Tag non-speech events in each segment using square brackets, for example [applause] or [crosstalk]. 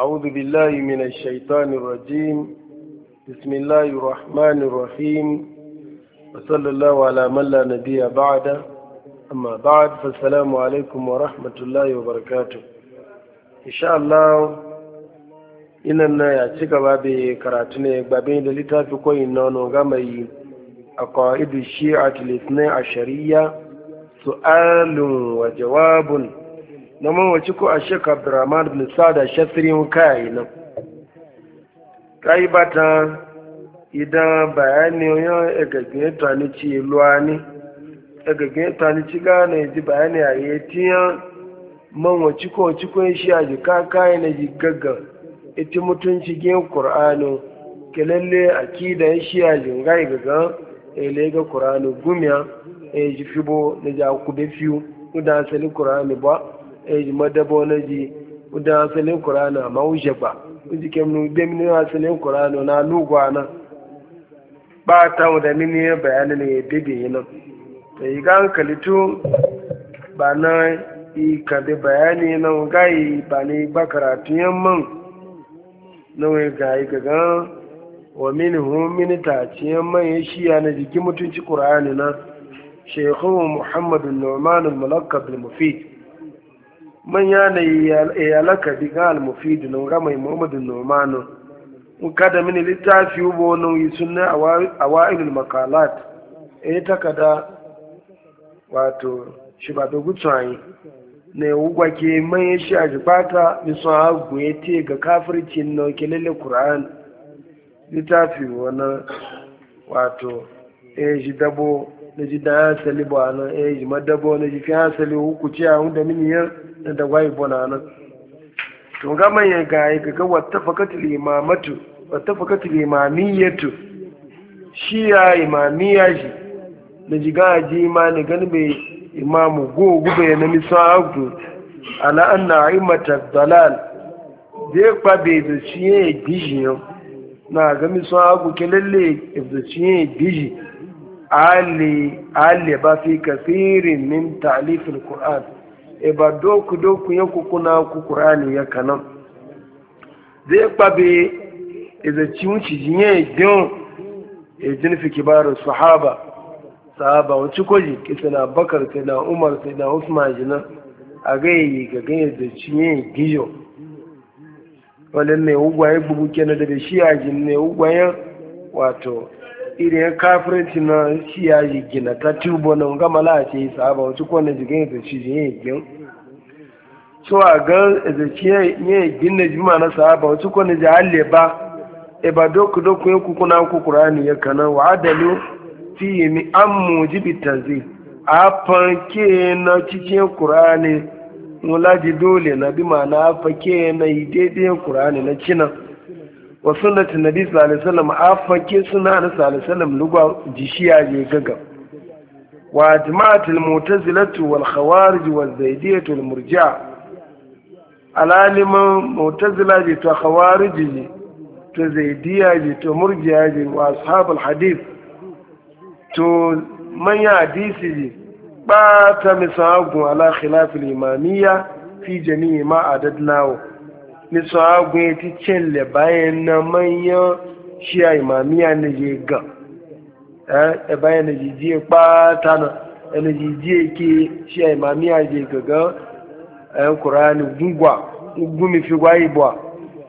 أعوذ بالله من الشيطان الرجيم بسم الله الرحمن الرحيم وصلى الله على من لا نبي بعد أما بعد فالسلام عليكم ورحمة الله وبركاته إن شاء الله إننا يعطيك بابي كراتني بابي للتا في كوي نونو غامي أقائد الشيعة الاثنى عشرية سؤال وجواب na mawaci ko a sheik abdurrahman bin sada shasirin kayayi nan kayi bata idan bayani yan egagin tani ci luwa ne egagin tani ci ya e ji bayani a yi tiyan mawaci ko cikon e shi a jika kakaye na ji gaggan ita e mutunci gin kur'anu kelalle akida shi a jingai gaga ele ga kur'anu gumiya e ji fibo na ja kube fiyu da asali kur'anu ba eji madabo wani ji udan asalin kurana ma wuce ba uji kemnu demin asalin kurana na lugwa na ba ta da mini bayanin ne ya bebe yi nan da yi ga hankalitu ba na yi kaɗe bayani nan yi ba ne ba karatu yamman na wai ga gaga wa mini hun mini ta ci yamman ya shiya na jiki mutunci ƙura'ani na shekhu muhammadu norman mulakab mufid man yana ya laka bi ga almufid no ga mai muhammadu nomano in kada mini littafi ubo no yi sunna awailul makalat e takada wato shi ba da gutsayi ne ugwa ke man ya shi a jibata bi sun hagu ya te ga kafircin na kelele kuran littafi wani wato e shi dabo na ji da hansali ba na eh ji madabo na ji fi hansali huku ci a hunda mini yan da da wayi bona nan to ga manya ga yi ga wata al imamatu wata al imamiyatu shi ya imamiya shi na ji ga ji ma imani gani bai imamu go gube na miso misaku ala an na imata dalal je kwa bai da shi ya gishi na ga miso ke lalle da shi ya gishi ali ba fi kasirin min ta'lifil qur'an e ba doku doku ya kukuna ku qur'ani ya kanan zai kpabe iza ciwuci jinye don e jin fi sahaba sahaba wacce kwaji kisa na bakar sai na umar sai na usman jina a gayyayi ga ganye da cinye gijo wadannan ya hugwaye bugu kenan da shi a jinne hugwayen wato ire kafirci na shi ya yi gina ta tubo na gama mala ce yi sahaba wacce kwanan jigin ita shi jin yi gin so a ga ezekiya ne na jima na saba wacce kwanan ji halle ba e ba doku doku ya kukuna kukura ne ya kana wa adalu fi yi mi an mujibi tanzi a fanke na cikin kurani mulaji dole na bi ma na fake na yi daidai kurani na cinan wa sunnati nabi sallallahu alaihi wasallam afake suna na sallallahu alaihi wasallam lugwa jishiya je gaga wa jama'atul mu'tazilatu wal khawarij wal zaidiyatu al murji'a alaliman mu'tazila je to khawarij je to zaidiya je to murji'a je wa ashabul hadith to manya hadisi je ba ta misagun ala khilafil imamiyya fi jami'i ma adadnawo ni so agun ti chelle bayan na manyan shi a yi imamiya na je ga eh, eh bayan na jijiye pata na eh, na jijiye ke shi a imamiya je gaga eh qur'ani gungwa gumi fi gwayi bwa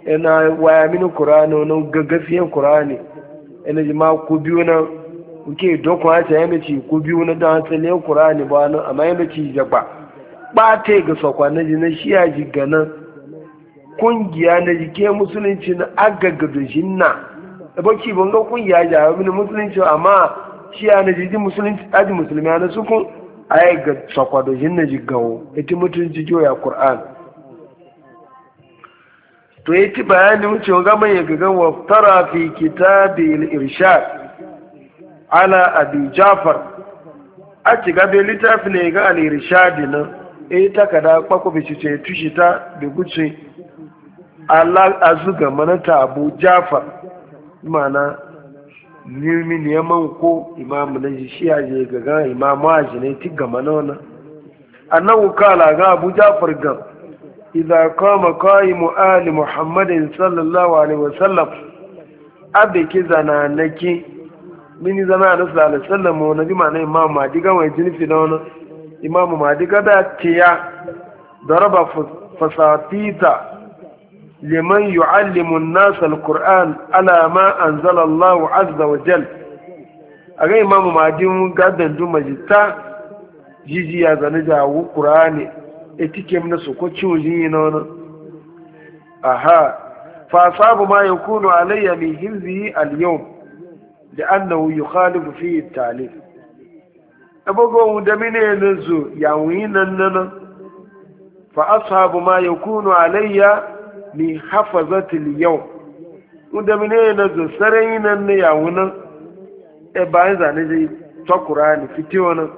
ina eh, waya mini qur'ani na gagafiyan qur'ani ina jima ku biyu na nke dokwa ya ta yamici ku biyu na dan tsale qur'ani ba na amma ci jagba ba ta ga sakwa na ji na shi a jiganan kungiya na jike musulunci na agagadun shinna baki ban ga kungiya jawo mini musulunci amma shi ya na jiji musulunci aji musulmi na sukun a yi ga sakwado shinna jigawo ita mutunci ya kur'an to ya ci bayani wuce gama ya gaga waftara fi kitabil irshad ala abi jafar a ci gabe littafi ne ga al-irshadi nan eh takada kwakwabi ce tushita da gutsi Allah azuga mana tabu Jafar mana nirmi ne man ko imamu na shi ya je ga ga imamu aji ne ti ga mana wannan annahu kala ga Abu Jafar ga idza qama qa'imu ali Muhammadin sallallahu alaihi wasallam abe ki zana nake mini zana na sallallahu alaihi wasallam wa nabi mana imamu ma diga wai jinfi na wannan imamu ma diga da tiya daraba fasatita liman yu'allimu an-nas al-Qur'an ala ma anzala Allah azza wa jal aga imamu madin gadan du majita jiji ya zane da wu Qur'ani etikem na su ko ciwji na wannan aha fa sabu ma yakunu alayya min hizbi al-yawm لأنه يخالف فيه التعليم أبقوا دمين ينزو يعوين الننا فأصحاب ما يكون علي li hafazatil yau inda mine na zo sare yi nan ne ya nan e ba yin zane zai ta kurani fiti wani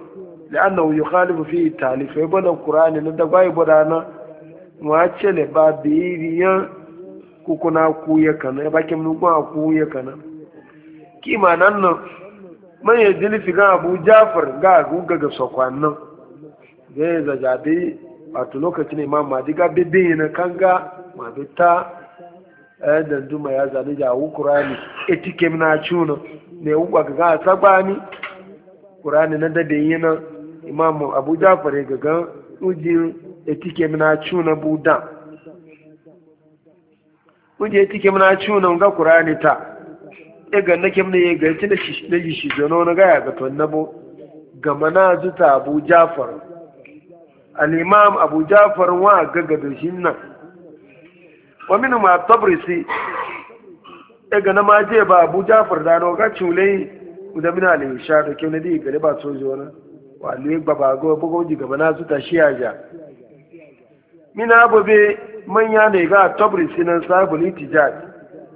da an na wuyi kalibu fi talifa yi bada kurani na dagwa yi bada na ma ce le ba biyi yan ku ya kana ya bakin nukun a ya kana kima nan nan man ya jini fi gan abu jafar ga guga ga nan. zai a wato lokacin imam madi ga bibbin yi na ma bita eh, da duma ya zane ja wu qur'ani etike na chuno ne wu ga ga sabani qur'ani na da bayyana imam abu jafar ga ga uji etike na chuno buda uji etike na chuno ga qur'ani ta e ga nake mun ga tin da shi shi jono na ga ga to nabo ga zuta abu jafar al-imam abu jafar wa ga ga doshin nan wa min ma tabrisi daga e na ma je ba abu jafar da no ga chule da min ale sha da ke nadi gare ba so zo na wa le gba ba go bugo ji gaba na su ta shi aja min abu be manya ne ga tabrisi nan sabu litijaj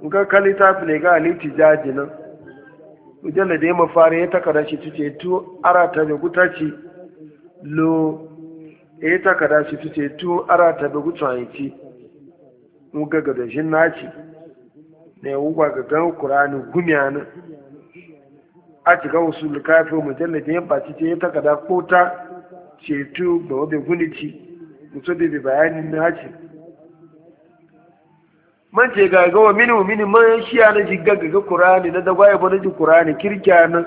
ga kalita ne ga litijaj nan mujalla da ya mafari ya takada shi tuce tu arata e da lo shi tuce tu da uga ga dojin naci ne uga ga gan kurani gumiyanin a cika wasu lukafi mujallar da ya baci ce ya takada ko ta ceto ga wabe gunici mutum da bi bayanin naci man ce ga gawa mini mini man shiya na ji ga ga kurani na dagwaye ba na ji kurani kirkiya nan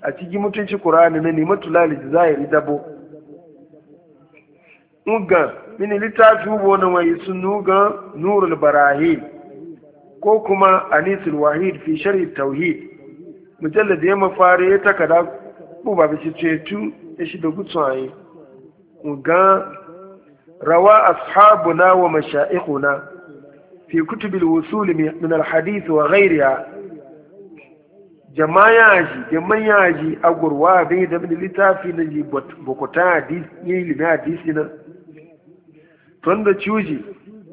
a cikin mutunci kurani na ne matulali da zahiri dabo uga mini littafi wani mai sunu ga nurul barahim ko kuma anisul wahid fi shari tauhid mujallar da ya mafari ya takada ko ba bishi cetu ya shi da gutsuwaye uga rawa ashabuna wa mashaikhuna fi kutubil wusul min al-hadith wa ghayriha jama'a ji jama'a ji agurwa bai da littafi na ji bokota hadisi ne ilimi hadisi na tunda cuji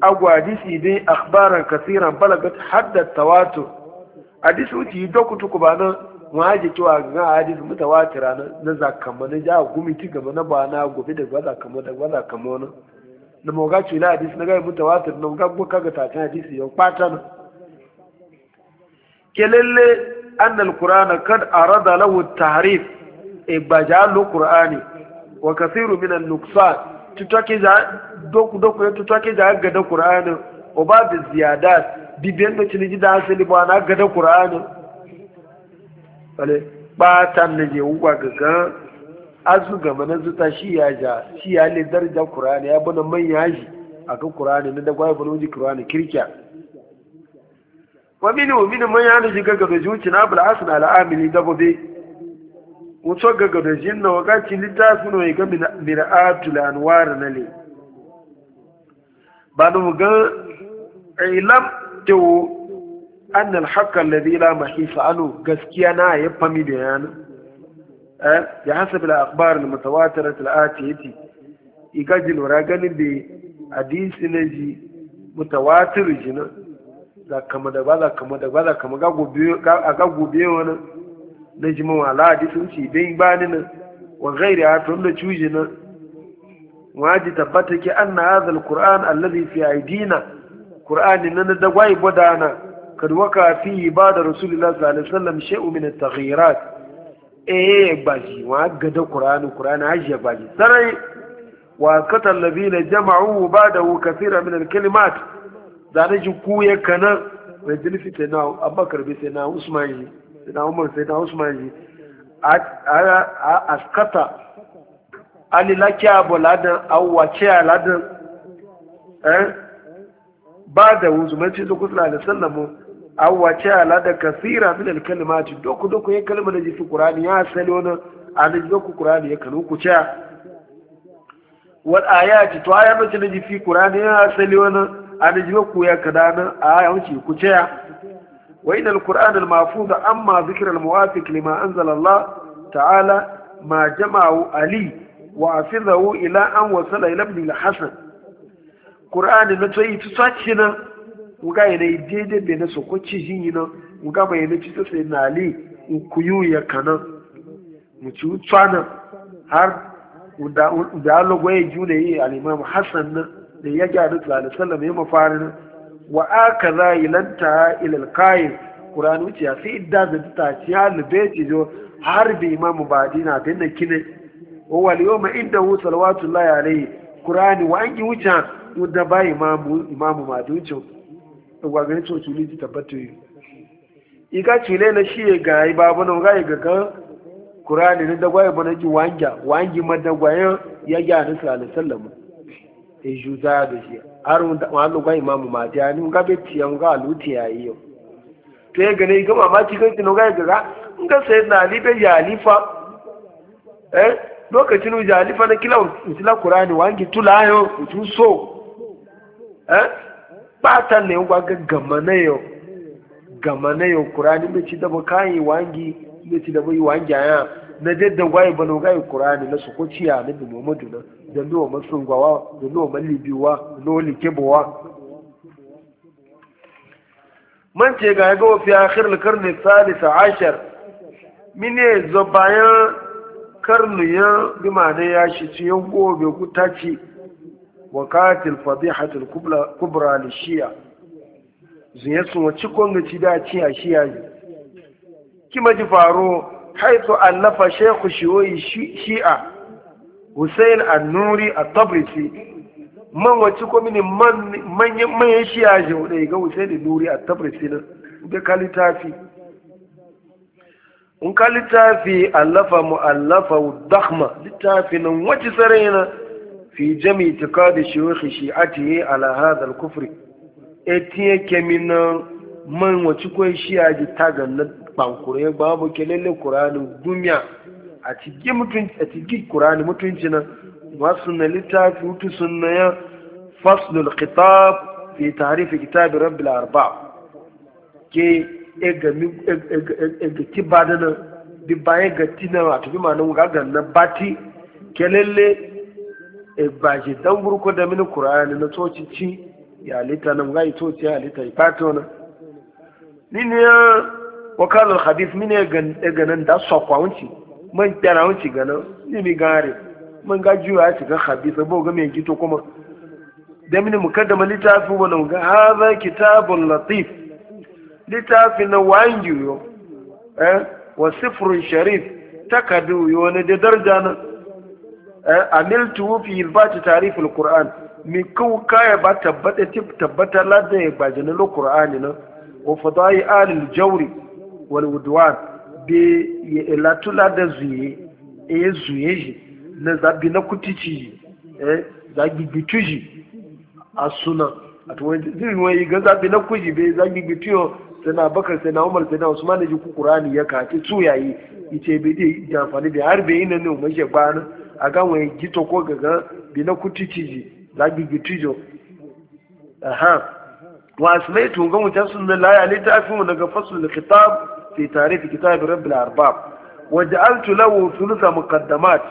agwadisi dai akbaran kasiran balagat hadda wato. hadisi wuce doku tuku ba na waje cewa ga hadisi mutawatira na zakama na ja gumi ti gaba na ba na gobe da gwaza kama da gwaza kama na na mu ga cila hadisi na ga mutawatir na ga go kaga ta kan hadisi yau kwata na kelele an kan kad arada lahu tahrif e bajalu qur'ani wa kathiru minan nuksan tutwake za doku doku ya tutwake za gada qur'ani o ba da ziyada bibiyan da cinji da asali ba na gada qur'ani bale ba tan ne je uwa gaga azu gaba na zuta shi ya ja shi ya le darja qur'ani ya bana man yaji aka qur'ani ne da gwai bana uji qur'ani kirkiya wa minu minu man yaji gaga da zuci na bil asna al amili da gobe wato gaga da jin na wakati littafin mai ga mir'atul anwar na le ba da mu ga ilam tewo an alhaqqa alladhi la mahisa anu gaskiya na ya fami da yana eh ya hasab al akhbar al mutawatirat al atiyati igajil wara ganin da hadisi ne ji mutawatir jina za kama da ba za kama da ba za kama ga gobe wani na ji mawa ladi sun ci don gbani nan wa gairi a tun da cuji nan waji tabbata ki an na hazal qur'an allazi fi aidina qur'ani nan da gwai bodana kad waka fi ibada rasulullah sallallahu alaihi wasallam shay'u min at-taghyirat eh gbaji wa gada qur'ani qur'ani haji gbaji sarai wa qatal ladina jama'u ba'dahu kathira min al-kalimat da ji kuye kana majalisi na abubakar bai sai na usman sai umar sai na usman ji a askata ani lakiya bo ladan awwace a ladan eh ba da ce zuku kusa da sallamu awwace a ladan kasira min alkalimati doku doku ya kalmar da jifi qur'ani ya asali wani alin doku qur'ani ya kanu ku ce wal ayati to ayatu da jifi qur'ani ya asali wani alin doku ya kadana ayatu ku ce وإن القرآن المحفوظ أما ذكر الموافق لما أنزل الله تعالى ما جمعه علي وعفظه إلى أن وصل إلى ابن الحسن قرآن نتوي تساتنا وقا ينيديد بين سوكو جينا وقا ما ينيديد سيدنا علي وكيو يكنا وكيو تسانا هر ودعالو غوي جوني الإمام حسن da ya gyaru sallallahu alaihi wasallam ya wa aka za yi ilal kayin ƙuranu wuce a sai idan da ta ci ya lube ci zo har bi imamu badi na bin na kine wa wal yau ma inda hu salawatu lahi alaihi ƙurani wa an yi wuce da ba imamu imamu madi wuce wa gani to tuli ti tabbata yi iga cile na shi ya ga yi babu na ga yi gaga ƙurani na dagwaye ba na ki wanja wangi madagwayen ya gyanu sallallahu alaihi wasallam ya e juza da shi arun da malu ga imamu mati ani ga beti an ga luti yayi to ya gane ga ma kan tino ga ga ga sai na ali be yalifa eh lokacin u yalifa na kila usila qur'ani wangi tulayo utun so eh bata ne ngwa ga gamanayo gamanayo qur'ani be ci da ba kai wangi be ci da bai wangi aya na dadda gwai bano gai qur'ani na su ko ciya nabi muhammadu na dolo masungwawa dolo malibiwa dolo kibowa man ce ga ga wafi akhir karni salisa ashar mine zo bayan karni ya bima ne ya shi ci yan gobe ku tace wakatil fadihatul kubra li shi'a zuya sun wace konga ci da ci a shi'a ne kima ji faro haitu allafa shaykhu shi'a hussein al-Nuri a tabrisi man wacce ko mini manyan shi ya je wadai ga hussein nuri a tabrisi na da kalitafi littafi in ka littafi allafa mu'allafa dakhma littafi nan wacce sarena fi jami tikadi shuyukh shi'ati ala hadha al kufr etiye kemina man wacce ko shi ya je tagan na bankure babu kelele qur'anin dunya a cikin mutunci a cikin kurani mutunci na wasu na littafi hutu sunna ya faslul kitab fi tarifi kitab rabbil arba ke ega kiba e, e, e, da nan bi baye ga tina a tafi ma nan gagan na bati ke e ba shi dan burko da mini kurani na tsoci ya lita nan ga ito ya lita ya fato na ni ne ya wakalar hadith mini ya ganin da sakwawanci man tara wani shiga nan ni mi gare man ga juya ya shiga habisa ba ga mai gito kuma da mini mukaddama littafi wani ga haza kitabun latif litafi na wangi yo eh wa sifrun sharif takadu yo ne da darja na eh amiltu fi ilbati tariful qur'an mi kaya ba tabbata tabbata la ya qur'ani na wa fadai alil jawri wal udwan be tula da zuye e zuye ji na zabi na kutici ji eh za bitu ji a suna a yi wani ga zabi na kuji za zagi bitu sai na bakar na umar sana usman e ji kur'ani ya kaci yi ice bi dai ji amfani da har yi ina ne umar shi bana a kan wani gito ko gaga bi na kutici ji za bitu jo aha wa asmaitu ga mutan sunna la ta fi mu daga fasul kitab في تاريخ كتاب رب الأرباب وجعلت له ثلث مقدمات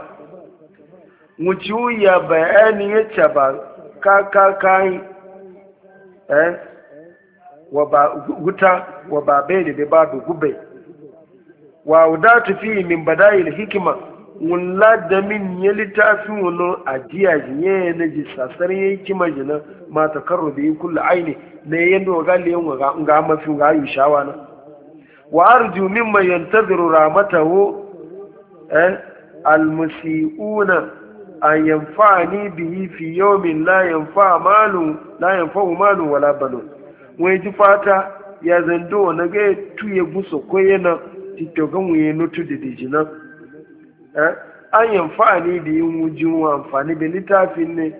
مجوية بيانية شبا كا كا كاي eh wa guta wa babeli da babu gube wa wadatu fi min badayil hikima wula da min ya littafi wani ajiya ji yi na ji ya yi kima ji mata karo da yi kula aini na yi yadda wa gali wa ga mafi ga yi shawa na wa arju mimman yantaziru rahmatahu eh almusiuna an yanfa'ani bihi fi yawmin la yanfa malu la yanfa malu wala banun wai ji fata ya zando na ga tuye guso ko yana titogan wuye nutu da dijinan eh an yanfa'ani bihi wujin amfani da littafin ne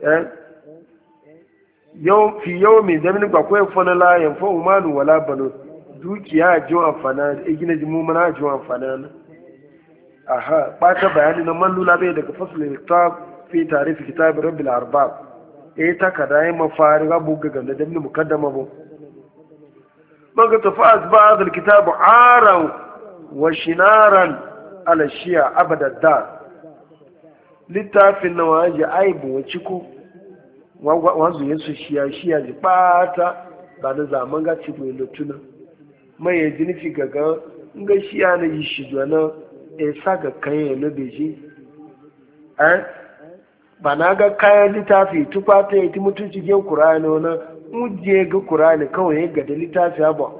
eh yau fi yawmin da min ba ko yanfa la yanfa malu wala banun dukiya ji amfana e gina ji mumuna ji amfana aha bata bayani na man lula bai daga fasul ta fi tarifi kitab rabbil arbab e eh, ta kada yi mafari ga buga ga da dabni mukaddama bu man ga tafi a al bu aran wa shinaran ala shiya abadad da littafin na waje aibu wa ciko wanzu su shiya shiya ji bata ba na zaman gaci mai lotuna mai ya ji nufi gaga nga shi ya na yi shi zuwa ya sa ga kayan na beji eh? ba na ga kayan littafi tufa ta yi ti mutunci gen kurani wani uje ga kurani kawai ya gada littafi ba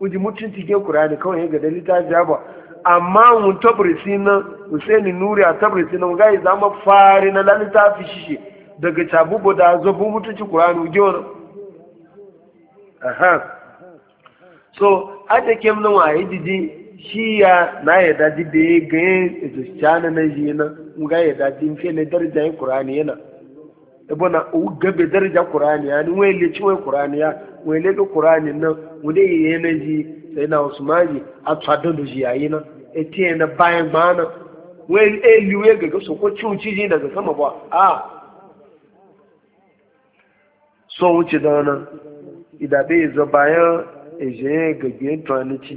uji mutunci gen kurani kawai ya gada littafi ba amma mun tabrisi na Husaini Nuri a tabrisi na ga zama fari na littafi shi daga cabubu da zabu mutunci kurani uje wani aha so ate kem na wa idiji e shi ya na ya daji da ya ga ito shana na shi na nga ya daji mfe na daraja e ya qur'ani yana ebo na e u gabe daraja qur'ani ya ni wele ci we qur'ani ya wele ga qur'ani na wule ya na ji sai na usmani a tsadon da shi yayi na etiye na bayan bana wele eli we ga so ko cin ciji daga sama ba a so wuce da nan idabe zo bayan eje gaggen tuwalici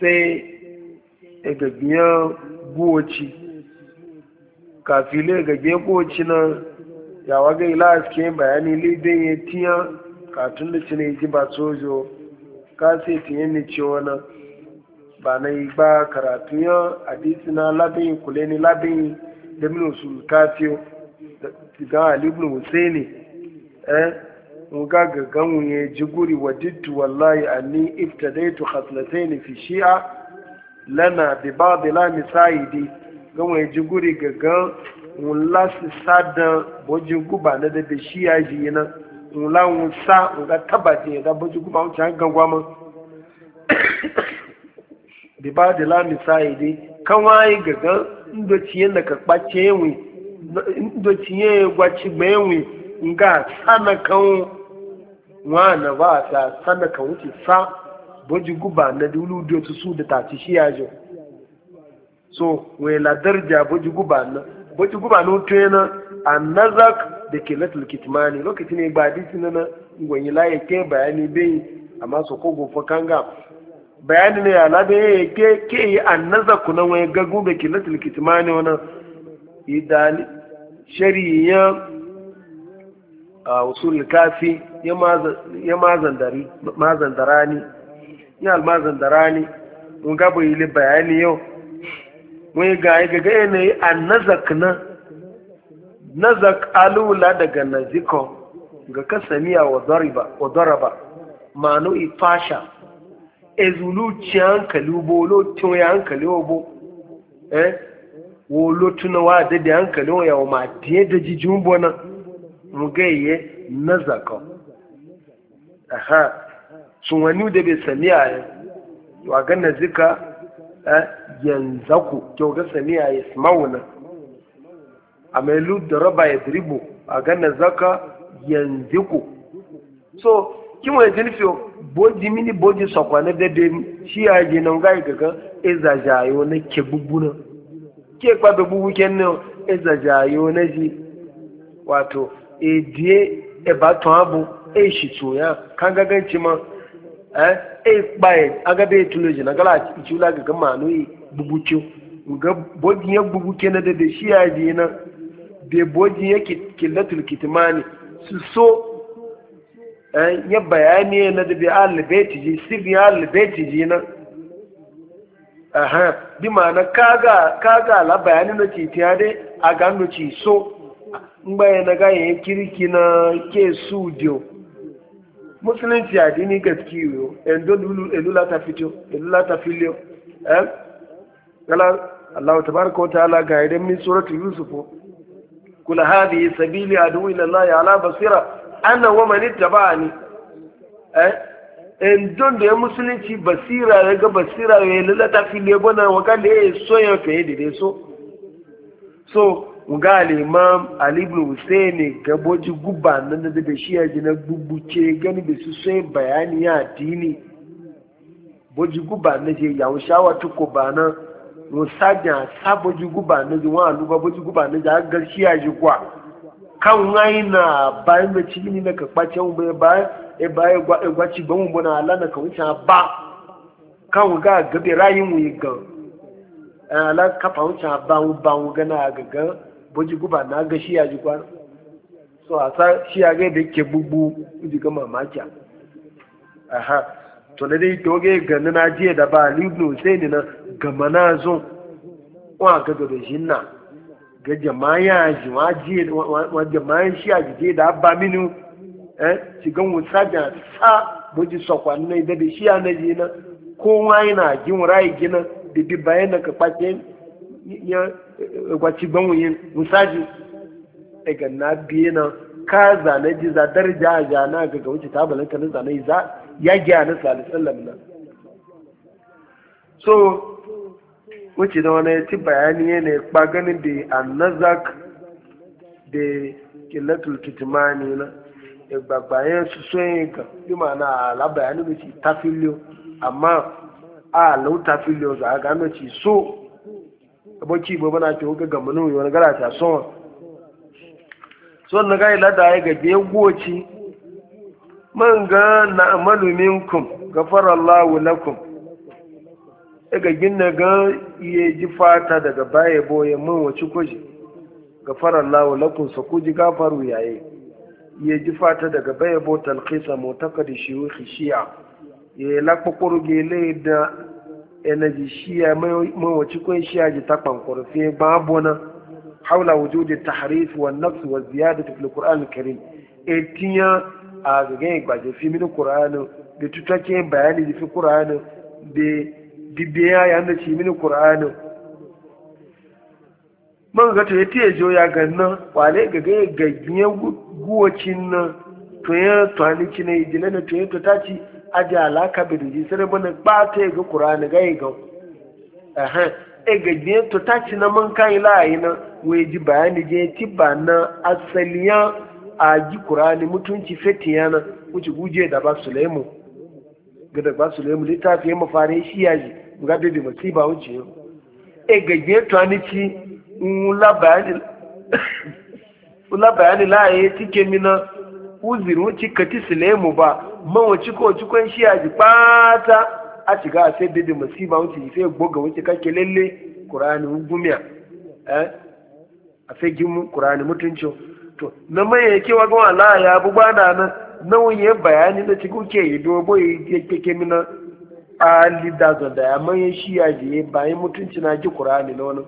sai e gaggen buwaci kafile gaggen buwaci na yawa ila aske bayani libyan ya tiya katun da ci ne ba sojo ka sai tiye ne ce wani ba karatu ya hadisi na labin kule ni labin da minu sulkatiyo da ga eh nga ga ye jiguri wa dittu wallahi anni iftadaitu khaslatayn fi shi'a lana bi ba'd la misaidi gamu ye jiguri guri ga gan wula su sada bojin na da da shi'a ji na wula sa nga tabati da bojin ba wancan gangwa man [coughs] bi ba'd la misaidi kan wayi ga ndo ciye na ka kpace wi ndo ciye gwaci gbe wi nga sana kan wana ba ta sana ka wuce sa boji guba na dulu da su su da taci shi ya jo so we la darja boji guba na boji guba no tena annazak da ke latul kitmani lokacin ne ba dinsu na ngwanyi la yake bayani bai amma so ko gofa kanga bayani ne ya labe yake ke yi annazak kuna wai gagu da ke latul kitmani wannan idan shari'a usul kafi ya mazandarani ya almazandarani mun gaba yi bayani yau mun ga ga ga yanayi a nazak na nazak alula daga naziko ga kasaniya wa daraba manu ifasha ezulu ci hankali bo lo tun ya hankali obo eh wo lo tuna wa da hankali wa ya wa ma da jijin na mugayye na eh, zaka aha sun wani da bai samiya ya wa ganna zika yanzu ku kyau ga samiya ya smauna a mai da raba ya dribo a ganna zaka yanzu ku so kin wani jinfiyo boji mini boji sakwa na dade shi ya je nan ga gaga ezajayo na ke bubbuna ke kwa da bubu kenan ezajayo na ji wato èdìé ẹ̀bàtàn ààbò èṣìtò e kángágán e mọ́ ẹ̀ẹ́pà ẹ̀ agábẹ́ ìtúlẹ̀ jìnnà gálà ìtúlẹ̀ gàgán màánú yìí gbogbo nga bojin ya bugu kenan da da shi yaji na da eh, ya bayani na da bi ji sirri ji na bi ma'ana kaga kaga la bayani na ci ta a so mgbaya na gaya kirki na ke su dio musulunci a gaske yiwu endo elula ta fito elula ta filio eh kala Allah tabaraka wa ta'ala ga idan min suratul yusuf kul hadi sabili adu ila Allah ala basira ana wa man ittaba'ani eh endo da musulunci basira ya ga basira ya elula ta filio bana wa kale so ya fe de so so nga alimam alibin husaini gaboji guba na da da shi yaji na gbubuce gani da su sai bayani ya dini boji guba na je yawon shawa tuko ba nan musajin sa boji guba na je wani aluba boji guba na je an garshi yaji kwa kan wani na bayan da ci ni na kakpace mu bai bayan e bayan e gwaci e ba mu bana ala na kawuce ba kan ga gabe rayin wuyi gan ala kafa wuce ba mu ba mu gana gagan boji guba na ga shi ya so a sa shi ya ga da ke bubu ji ga mamaki aha to da dai toge gani na jiya da ba libno sai ni na gama na zo wa ga ga da shi na ga jama'a ji wa jiya wa jama'a shi ya ji minu eh shi ga sa boji sokwan ne da da na ji na kowa yana jin rai gina da ya gwaci gbanwuyin musaji daga e na biye na ka zane ji za darja ga na ga ga wuce tabalin ka na zane za ya gya na sallallahu na so wuce da wani ti bayani ne ba ganin da annazak da killatul kitmani na gbagbayen e susu yin kan bi ma na ala bayani bi ci tafiliyo amma a lau tafiliyo za a gano ci so baki bo bana ce ga gamanu yo wani gara ta so son na ga lada ya ga be goci man ga na amalu minkum gafara Allah lakum daga ginna ga iye ji fata daga baye boye man wace kuji gafara Allah lakum sa kuji gafaru yaye iye ji fata daga baye bo talqisa mutakadi shiwi khishia ye la kokoro ge le da energy shiya mawaci kun shiya ji ta kwankwarfe babu na haula wujudi tahrif wa nafs wa ziyadatu fil qur'an al karim etinya a gaga gbaje fi min qur'an da tutake bayani fi qur'an da bibiya ya na ci min qur'an man ga to yete jo ya ganna wale gaga gaggiye guwacin na to ya to ani cinai dilana to ya to ci. aji alaka bi da jisar bane ba ta ga ni ga ga aha e ga je to ta ci na man kai yi na we ji bayani je ti ba na asaliya a ji qur'ani mutunci fetiyana wuce guje da ba sulaimu ga da ba sulaimu littafi ya mafare shi yaji ga bebe ba wuce yau e ga je to ni ci la bayani [coughs] la bayani la ye tike mina uziru ci kati sulaimu ba mawaci ko cikon shi a ji ɓata a shiga a sai dede masiba wuce sai goga wuce kake lalle kurani gumiya eh? a sai gimu kurani mutuncin to na mai yake wa gama la ya bu bana nan nawun ya bayani da cikin ke yi dogo ya keke mina ali da zada ya mai shi ya ji ya bayan mutunci na ji kurani na wani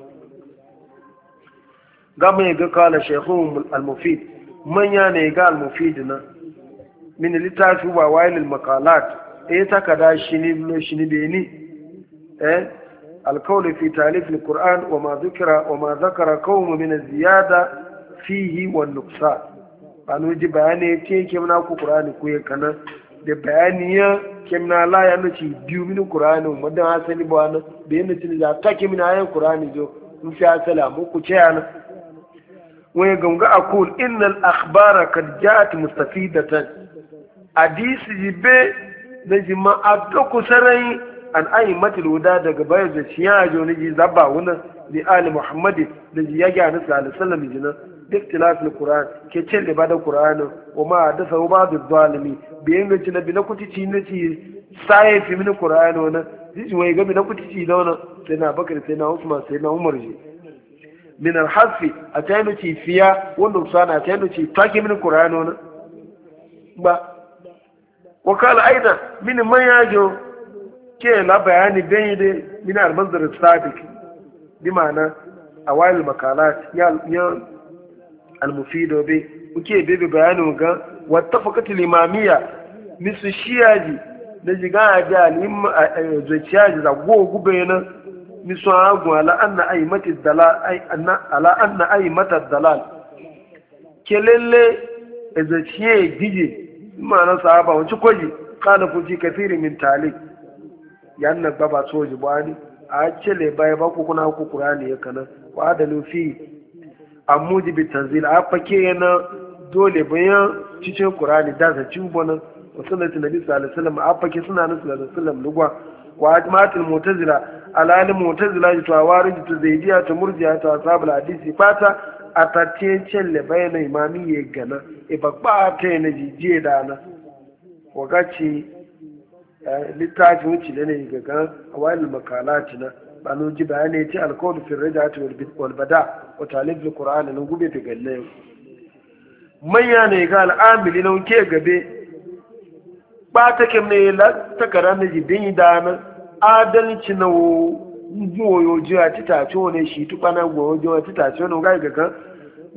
gama ya ga kala al-mufid manya ne ga al-mufid na min littafi wa wailil makalat eh takada shini no shini beni eh alqawli fi talif alquran wa ma dhukira wa ma dhakara qawm min ziyada fihi wan nuqsan banu ji bayani ke ke na ku qur'ani ku ye kana da bayani ya ke na la ya no ci biu min qur'ani mu da asali ba na be ne ci da ta ke min ayan qur'ani jo mu fi asala mu ku ce ana wa ga ga akul innal akhbara kad ja'at mustafidatan hadisi jibe da jima abdo kusarai an ayi matil huda daga bayar da ciya jo ne ji zaba wuna da ali muhammadi da ji ya gyara sallallahu alisallam wasallam jina duk tilafin kur'an. ke ce da bada kuran wa ma da sau ba da zalimi biyan ga bi na kuti ci na ci saye fi mini kur'an wana ji wai ga na kuti ci da wana sai na bakar sai na usman sai na umar ji min alhafi a tayi ci fiya wanda usana tayi ci taki mini kur'an wana ba wakala aida mini manyajo ke la bayani danyi de mini almanzar sabik bi ma'ana a wayar makalat ya almufido be muke bebe bayanin ga wattafaqat limamiya misu shiyaji da jiga a da alimma zuciyaji da gogu bayanan misu agu ala anna aimati dalal ala anna aimata dalal kelele ezaciye gije ma'ana sahaba wanci kwaji kana fuji kafiri min talib yan nan ba ba soji ba ni a le baya ba ku kuna ku qur'ani ya kana wa adalu fi amuji bi tanzil a fake yana dole bayan cikin qur'ani da ta ci bona wa sunnati nabi sallallahu alaihi wasallam a fake suna nan sallallahu alaihi wasallam lugwa wa ajmatul mu'tazila alal mu'tazila to awarij to zaidiya to murjiya to ashabul hadisi fata a tace cile bayan imami ya gana ibakpa ta yana jijiye da na wagaci eh, littafin wuce da ne gaga a wani makala ci na banu ji bayanai ci alkawar firar da ta walbada wata alifin kur'ani na gube ta galle yau manya ne ga al'amili na wuke gabe ba ta la ne takara na jibin yi da na adalci na wo yoyo jiya a tace ne shi tukwana goyo jiya ci tace ga gaga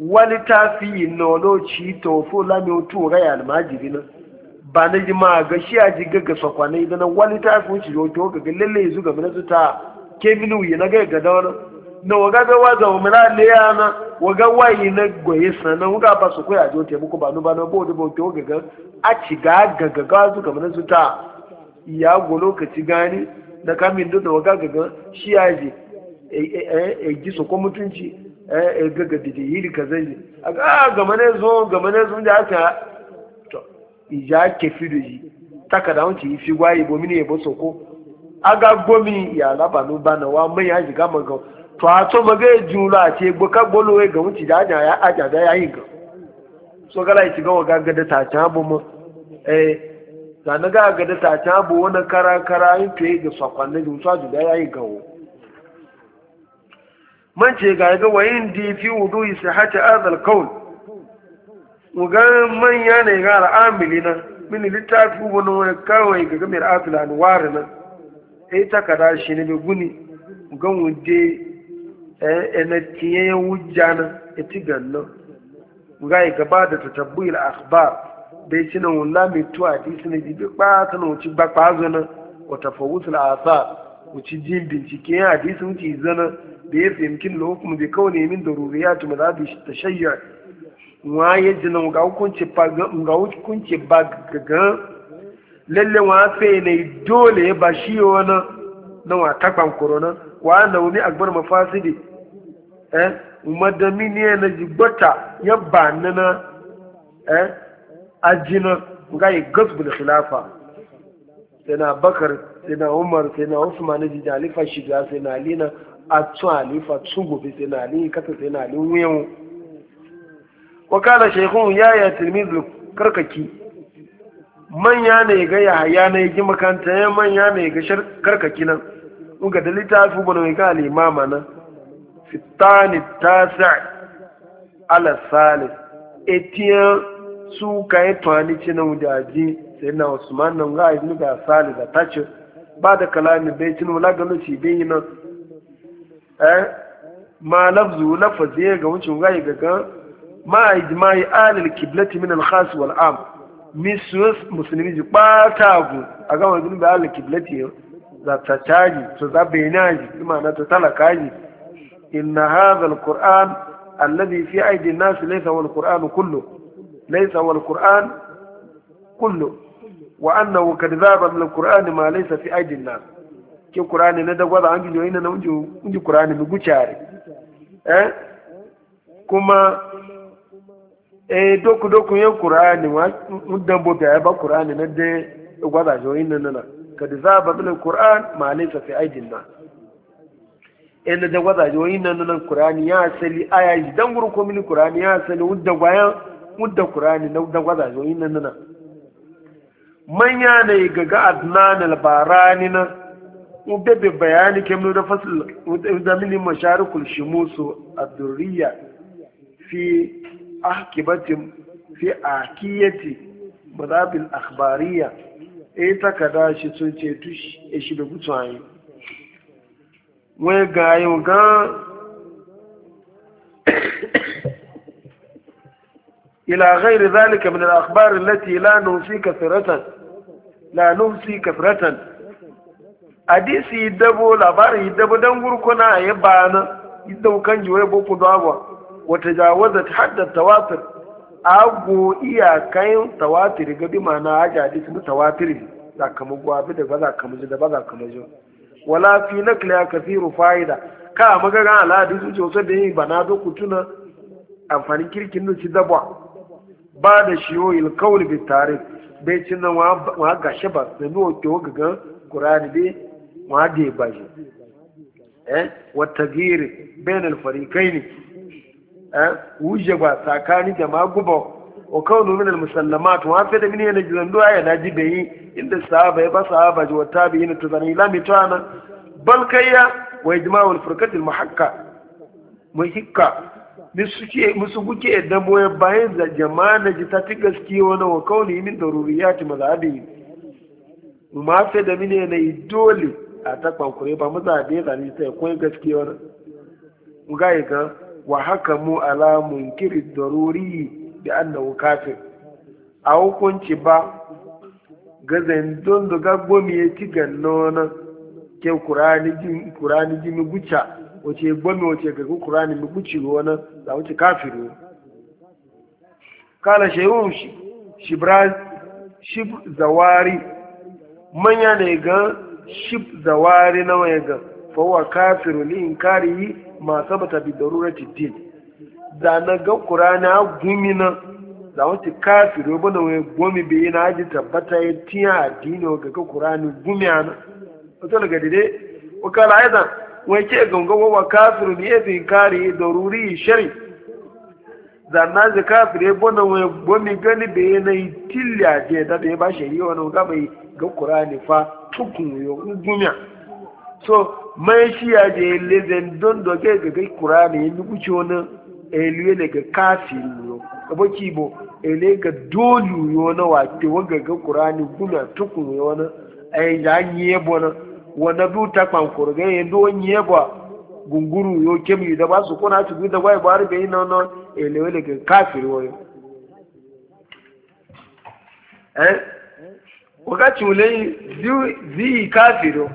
wani tafi ci tofu lami otu rai almajiri na ba na ji ma ga shi a ji gaga sakwanai da nan wani tafi wuce yau otu ga lalle yanzu ga minatu ta ke minu yi na ga gada wani na waga ga waza wa ne ya na waga wayi na goye sana wuga ba su koya jote muku ba nu ba na bo ba bo to ga a ci ga ga ga ga su ga minatu ta ya go lokaci gani da kamin da waga gaga ga shi a ji e ji su ko mutunci eh, eh ga ga dide yiri ka zai a ga ah, mana zo ga mana zo da aka to ija ke fi fido yi taka da wanci fi gwaye bo mini yebo soko aga gomi ya laba no bana wa mai ya jiga maga to a to maga jula ce gbo ka gbolo we ga wanci da aja ya aja da yayi ga so gala yi ga waga ga da ta ta bo mu eh da na ga da ta can bo wani kara kara yin to yi ga sakwanne da so da yayi ga wo man ce ga ga wayin di fi wudu yi sihata azal kaul ugan manya ne ga al'amili nan min littafi wani wani kawai ga gamar afila ni ware nan ai e takara shi ne guni ugan wude ene e tiye ya wujja na, ya e ci gannan uga yi gaba da ta tabbil akhbar bai ci nan wula mai tuwa di su ne jibi ɓata na wuci ba ɓazo nan wata fawusul asar wuci jin bincike hadisi wuci zana بيف يمكن له حكم بكونه من ضروريات مذهب التشيع waye jinan ga hukunci ga hukunci ba ga lalle wa fe ne dole ba shi wani na wa takwan corona wa na wani akbar mafasidi eh madami ne na gbata ya ba nana eh ajina ga yi gasbul khilafa sai na bakar sai na umar sai na usman ji jalifa shiga sai na alina a tún àlífà tún gòfin sí náà ní kásán sí náà wakala shekun ya yi tilmizu karkaki manya ne ga haya na ji makanta ya manya ne ga karkaki nan muka da littafi bane mai kala imama nan fitani tasa ala salis etiyan su ka yi tuwani cinan wujaji sai na usman nan ga ibnu ga salis da tacin ba da kalamin bai cin wula ga bai yi nan ما لفظه لفظ يجا وانشو غاية جاكا ما اجماع آل الكبلة من الخاص والعام ميسوس مسلمي جي باتاكو اقا ما يقولون بآل الكبلة زاتتاجي تزابيناجي لما انا تتلقاجي إن هذا القرآن الذي في أيدي الناس ليس هو القرآن كله ليس هو القرآن كله وأنه كذاب من القرآن ما ليس في أيدي الناس ke kurani na dagwada an gijo ina na unji kurani mu gucare eh kuma eh doku doku yin kurani wa mudan bo da ba kurani na de gwada jo ina na na za ba bil qur'an ma laysa fi aidin eh, na ina da gwada jo ina na na kurani ya asali aya idan guru ko mini kurani ya asali mudda gwaya mudda kurani na da gwada jo ina na na manya ne gaga adnan albarani na وبدأ ببيان كم نود فصل وزمني مشارك الشموس الدورية في أحكبتهم في أحكية مذاب الأخبارية إيتا كذا شسون تيتوش إيشي بيبوتو عيني وين غاي [coughs] إلى غير ذلك من الأخبار التي لا نوصي كثرة لا نوصي كثرة hadisi yi dabo labarin yi dabo don gurkuna ya bana yi daukan jiwai boko dawa wata jawaza ta haddar tawatir ago iyakayin tawatir ga bi mana haja hadisi na tawatir za ka mu gwabi da ba za ka mu ji da ba za ka mu ji wala fi nakli ya kasiru fa'ida ka magagan al'adu su ce wasu da yi bana zo ku tuna amfanin kirkin nan ci dabwa ba da shiyoyin kawul bi tare bai cin nan wa gashe ba da nuwa ke wa gagan kurani dai wade baji eh wata giri bainal farikai ne eh wuje ba tsakani da maguba wa kaunu min al-musallamat wa da mini yana jiran doya ya daji bai inda sahaba ya ba sahaba ji wata bi yana tazani la mitana bal kayya wa ijma'ul furqat al-muhakka muhikka musuke musu guke da boye bayan da jama'a na ji ta ti gaskiya wani wa kauni min daruriyati mazhabi ma fa da mini yana yi dole a ta kwankure ba mu zabe zani ta kun gaskiyar ngai ga wa haka mu ala kiri daruri da annahu kafin. a hukunci ba gazan don da gaggo mi ya ci ganno na ke kurani jin kurani jin mi guca wace gbomi wace ga kurani mi guci wona da wace kafiru kala shayun shi shibra shib zawari manya ne ga shib zawari na waya ga fawa kafiru li inkarihi ma sabata bi darurati din da na ga qur'ana na, da wata kafiru bana waya gomi be yana aji tabbata ya tiya addini ga ga qur'ani gumiana to daga dide wakala aidan wai ke gonga wa kafiru li inkarihi daruri shari da na ji kafir ya bona wani gomi gani da yanayi tilya je da ya ba shari'a wani ga bai ga kurani fa tukun yo gumya so mai shi ya je lezen don doge ga kai qur'ani yin kuci wani eliye ne ga kafin yo abu kibo ele ga dolu yo na wake waga ga qur'ani gumiya tukun yo na ai e ya nyiye bona wanda du ta kan kurga yin e do nyiye ba gunguru yo kemi da ba su kona ci da bai e bari bai na na eliye ne ga kafin yo eh wakati ule zi kafiro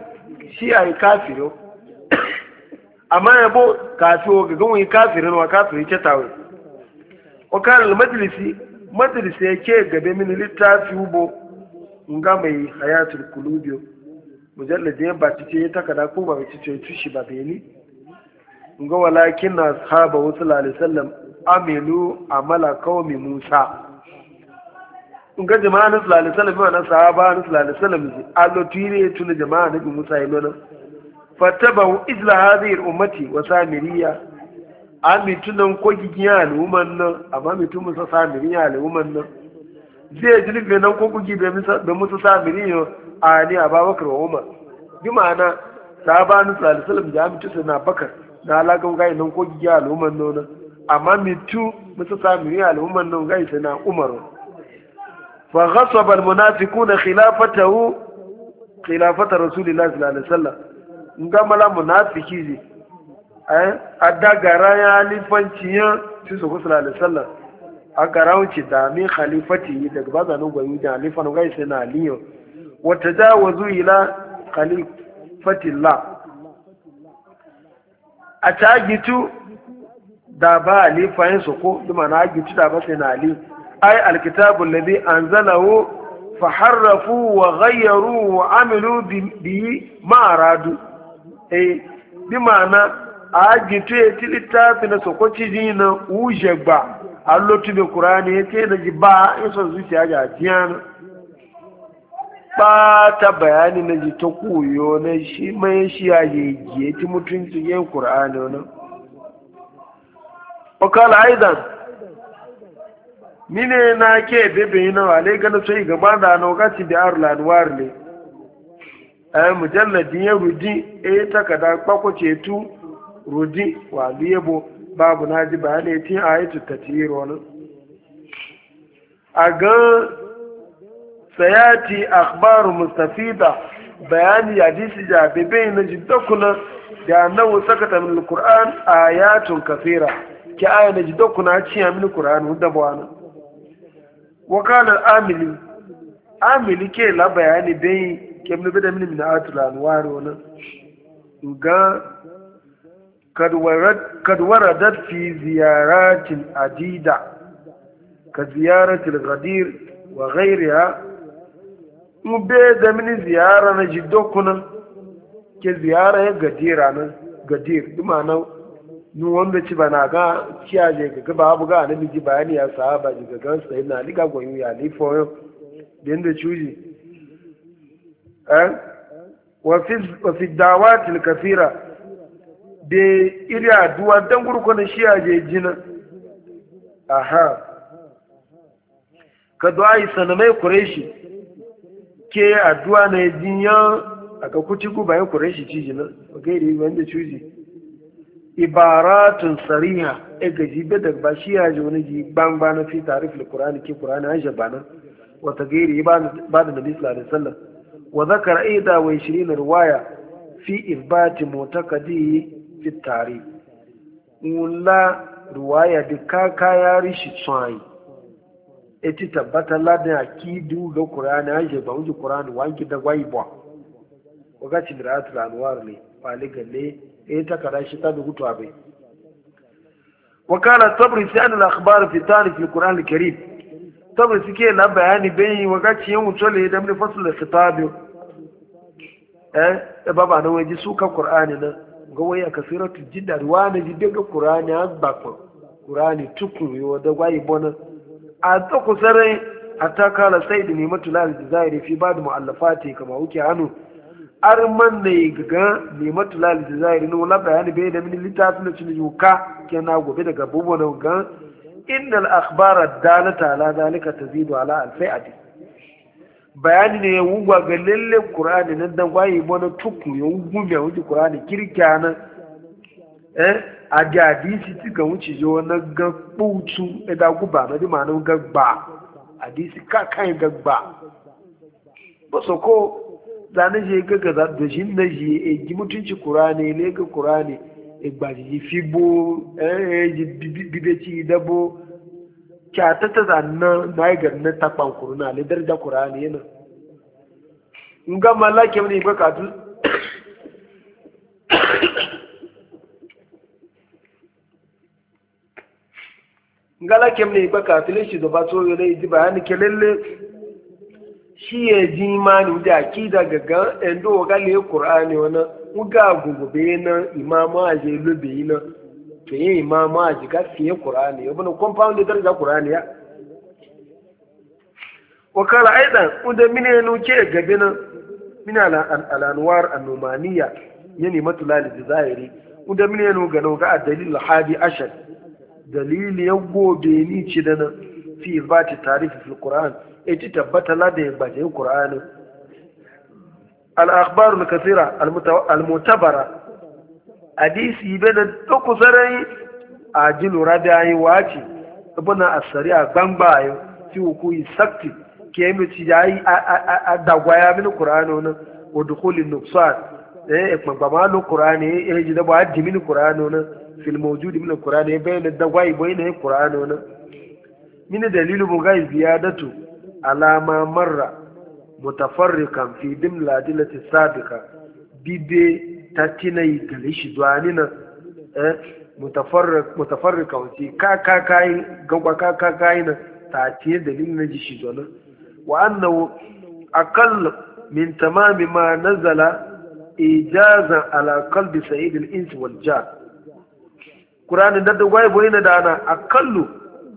shi ai kafiro amma yabo o ga gawon kafiro wa kafiro ce tawe kan majalisi majlisi ya ke gabe min littafi ubo nga mai hayatul kulubiyo mujalladin ba cice ta kada ko ba cice ya tushi ba beni nga walakin ashabu sallallahu alaihi wasallam amilu amala qaumi musa nga jama'a na sallallahu alaihi wasallam sahaba na sallallahu alaihi wasallam allo tire tun jama'a nabi musa yi lona fatabahu isla hadhihi ummati wa samiriya ami tunan ko gigiya al'umman nan amma mi tun musa samiriya al'umman nan zai ji nufi nan ko gugi da musa samiriya a ni a babakar umma, umar bi ma'ana sahaba na sallallahu alaihi wasallam da ami tusa na bakar na alaƙa gai nan ko gigiya al'umman nan amma mi tu musa samiriya al'umman nan gai sai na umaru fa ghasaba almunafiquna khilafatahu khilafata rasulillahi sallallahu alaihi wasallam la munafiki ji eh adagara ya alifanci ya su su sallallahu alaihi wasallam agara wuce da min khalifati daga bazanin gwayu da alifan gai sai na aliyo wa tajawazu ila khalifatillah a tagitu da ba alifayin su ko duma na agitu da ba sai na aliyo أي الكتاب الذي أنزله فحرفوا وغيروا وعملوا به ما أرادوا أي بمعنى أجتوا يتلتا في نسوكوتي دينا وجبا allotu bai kurani ya ce na ji ba in son zuciya ga ajiya na ba ta bayani na ji ta koyo na shi mai shi ya yi giye ti mutunci yin kurani na wakala aidan mine na ke bebe na wale gana sai gaba da na wakati da ar lanwar ne ay mujalladin ya rudi e takada kwako tu rudi wa liyebo babu na ji a e tin ayatu tatyir wani a ga sayati akhbaru mustafida bayani ya ji ja bebe na ji dokuna da annahu sakata min alquran ayatun kafira ki aya na ji dokuna ciya min alquran hudda bawana وقال الآملي آملي كي لا بياني بين كم نبدأ من من آتل أنوار ونا وقال قد ورد قد وردت في زيارات عديدة كزيارة الغدير وغيرها مبيدة من زيارة نجدوكنا كزيارة غدير أنا غدير بمعنى nun wanda ci ba na ga kiyaye ga ba abu ga annabi ji bayani ya sahaba ji ga gan sai na liga goyu ya ni foyo den da chuji eh wa fi wa fi dawat al kathira de iri aduwa dan gurko na shiyaje jina aha ka du'ai sanamai quraishi ke aduwa na jinyan a kuti ku bayan quraishi ci jina ga iri wanda chuji ibaratun sariya e ga jibe da ba shi ya wani ji gbangba na fi tarif alqur'ani ke qur'ani an shabana wa tagayiri ba da nabi sallallahu alaihi wasallam wa zakara aida wa 20 riwaya fi ithbati mu'taqadi fi tarikh wala riwaya da kaka ya rishi tsayi eti tabbata ladin akidu ga qur'ani an shabana qur'ani ki da gwaiba wa ga cin ratul anwar ne faligalle e eh, ta kada shi ta dugu to abai wa tabri sai anil akhbar fi tarif al qur'an karim tabri suke na bayani bai wa gaci yan mutole da mun fasal khitab eh da e baba da waje su ka qur'ani nan ga waya kasiratu jidda ruwana jidda ga qur'ani an ba qur'ani tukun yo da gwai bona a ta kusarai hatta kala sayyid ne matulal jazairi fi ba'd mu'allafati kama wuke hannu ar ne ga ne matula da zairi ne wala bayani bai da mini littafi na cin yuka kena gobe daga bubu na ga inna al akhbara dalata ala zalika tazidu ala al fa'ati bayani ne wugwa ga lalle qur'ani nan dan waye bona tuku ya gumbe wuce qur'ani na eh adi hadisi ti ga wuce jo na ga putu e da guba ba di ma gagba ga ba hadisi ka kan ga ba ba so ko zane je ga zane da shi na je e gi mutunci kurane le ga kurane e gba ji fibo e, e ji bibeci dabo ka ta zanna na yi na ta kwankuru na ne darja kurane yana in ga ka ne ga katu ngala kemne ba ka tile [coughs] shi da ba so yele ji bayani kelele kiye ji imani ki akida gaga endo waga le qur'ani wana wuga gugube na imamu aje lobe na to yin imamu aje ga fiye qur'ani yabana compound daraja qur'ani ya wakala aida wanda mine nu ke gabe na mine al'anwar annomaniya ya nemi tulali da zahiri wanda mine nu ga ga dalil hadi ashar dalil ya gobe ni ci da nan fi ba ta tarifi fil qur'an eti tabbata la da ba ta qur'an al akhbar al kathira al mutabara hadisi da duk sarai ajilu radai wace ibuna asari a gbangba ayo ti ku isakti ke mi ti yayi adagwaya min qur'an ona udkhul nuqsan eh ma lo qur'an eh jida ba adimi ni qur'an ona fil mawjudi min qur'an eh bayin dagwai bayin qur'an ona ini dalilu mu gai ziyadatu alama marra mutafarrikan fi dimla dilati sabika bibe tatinai galishi zuwanina eh mutafarrika wace ka ka kayi gagwa ka ka kayi na tatiye dalilin na jishi zuwana wa annahu aqall min tamami ma nazala ijazan ala qalbi sa'id al-ins wal jar qur'ani da da gwai boyina da ana aqallu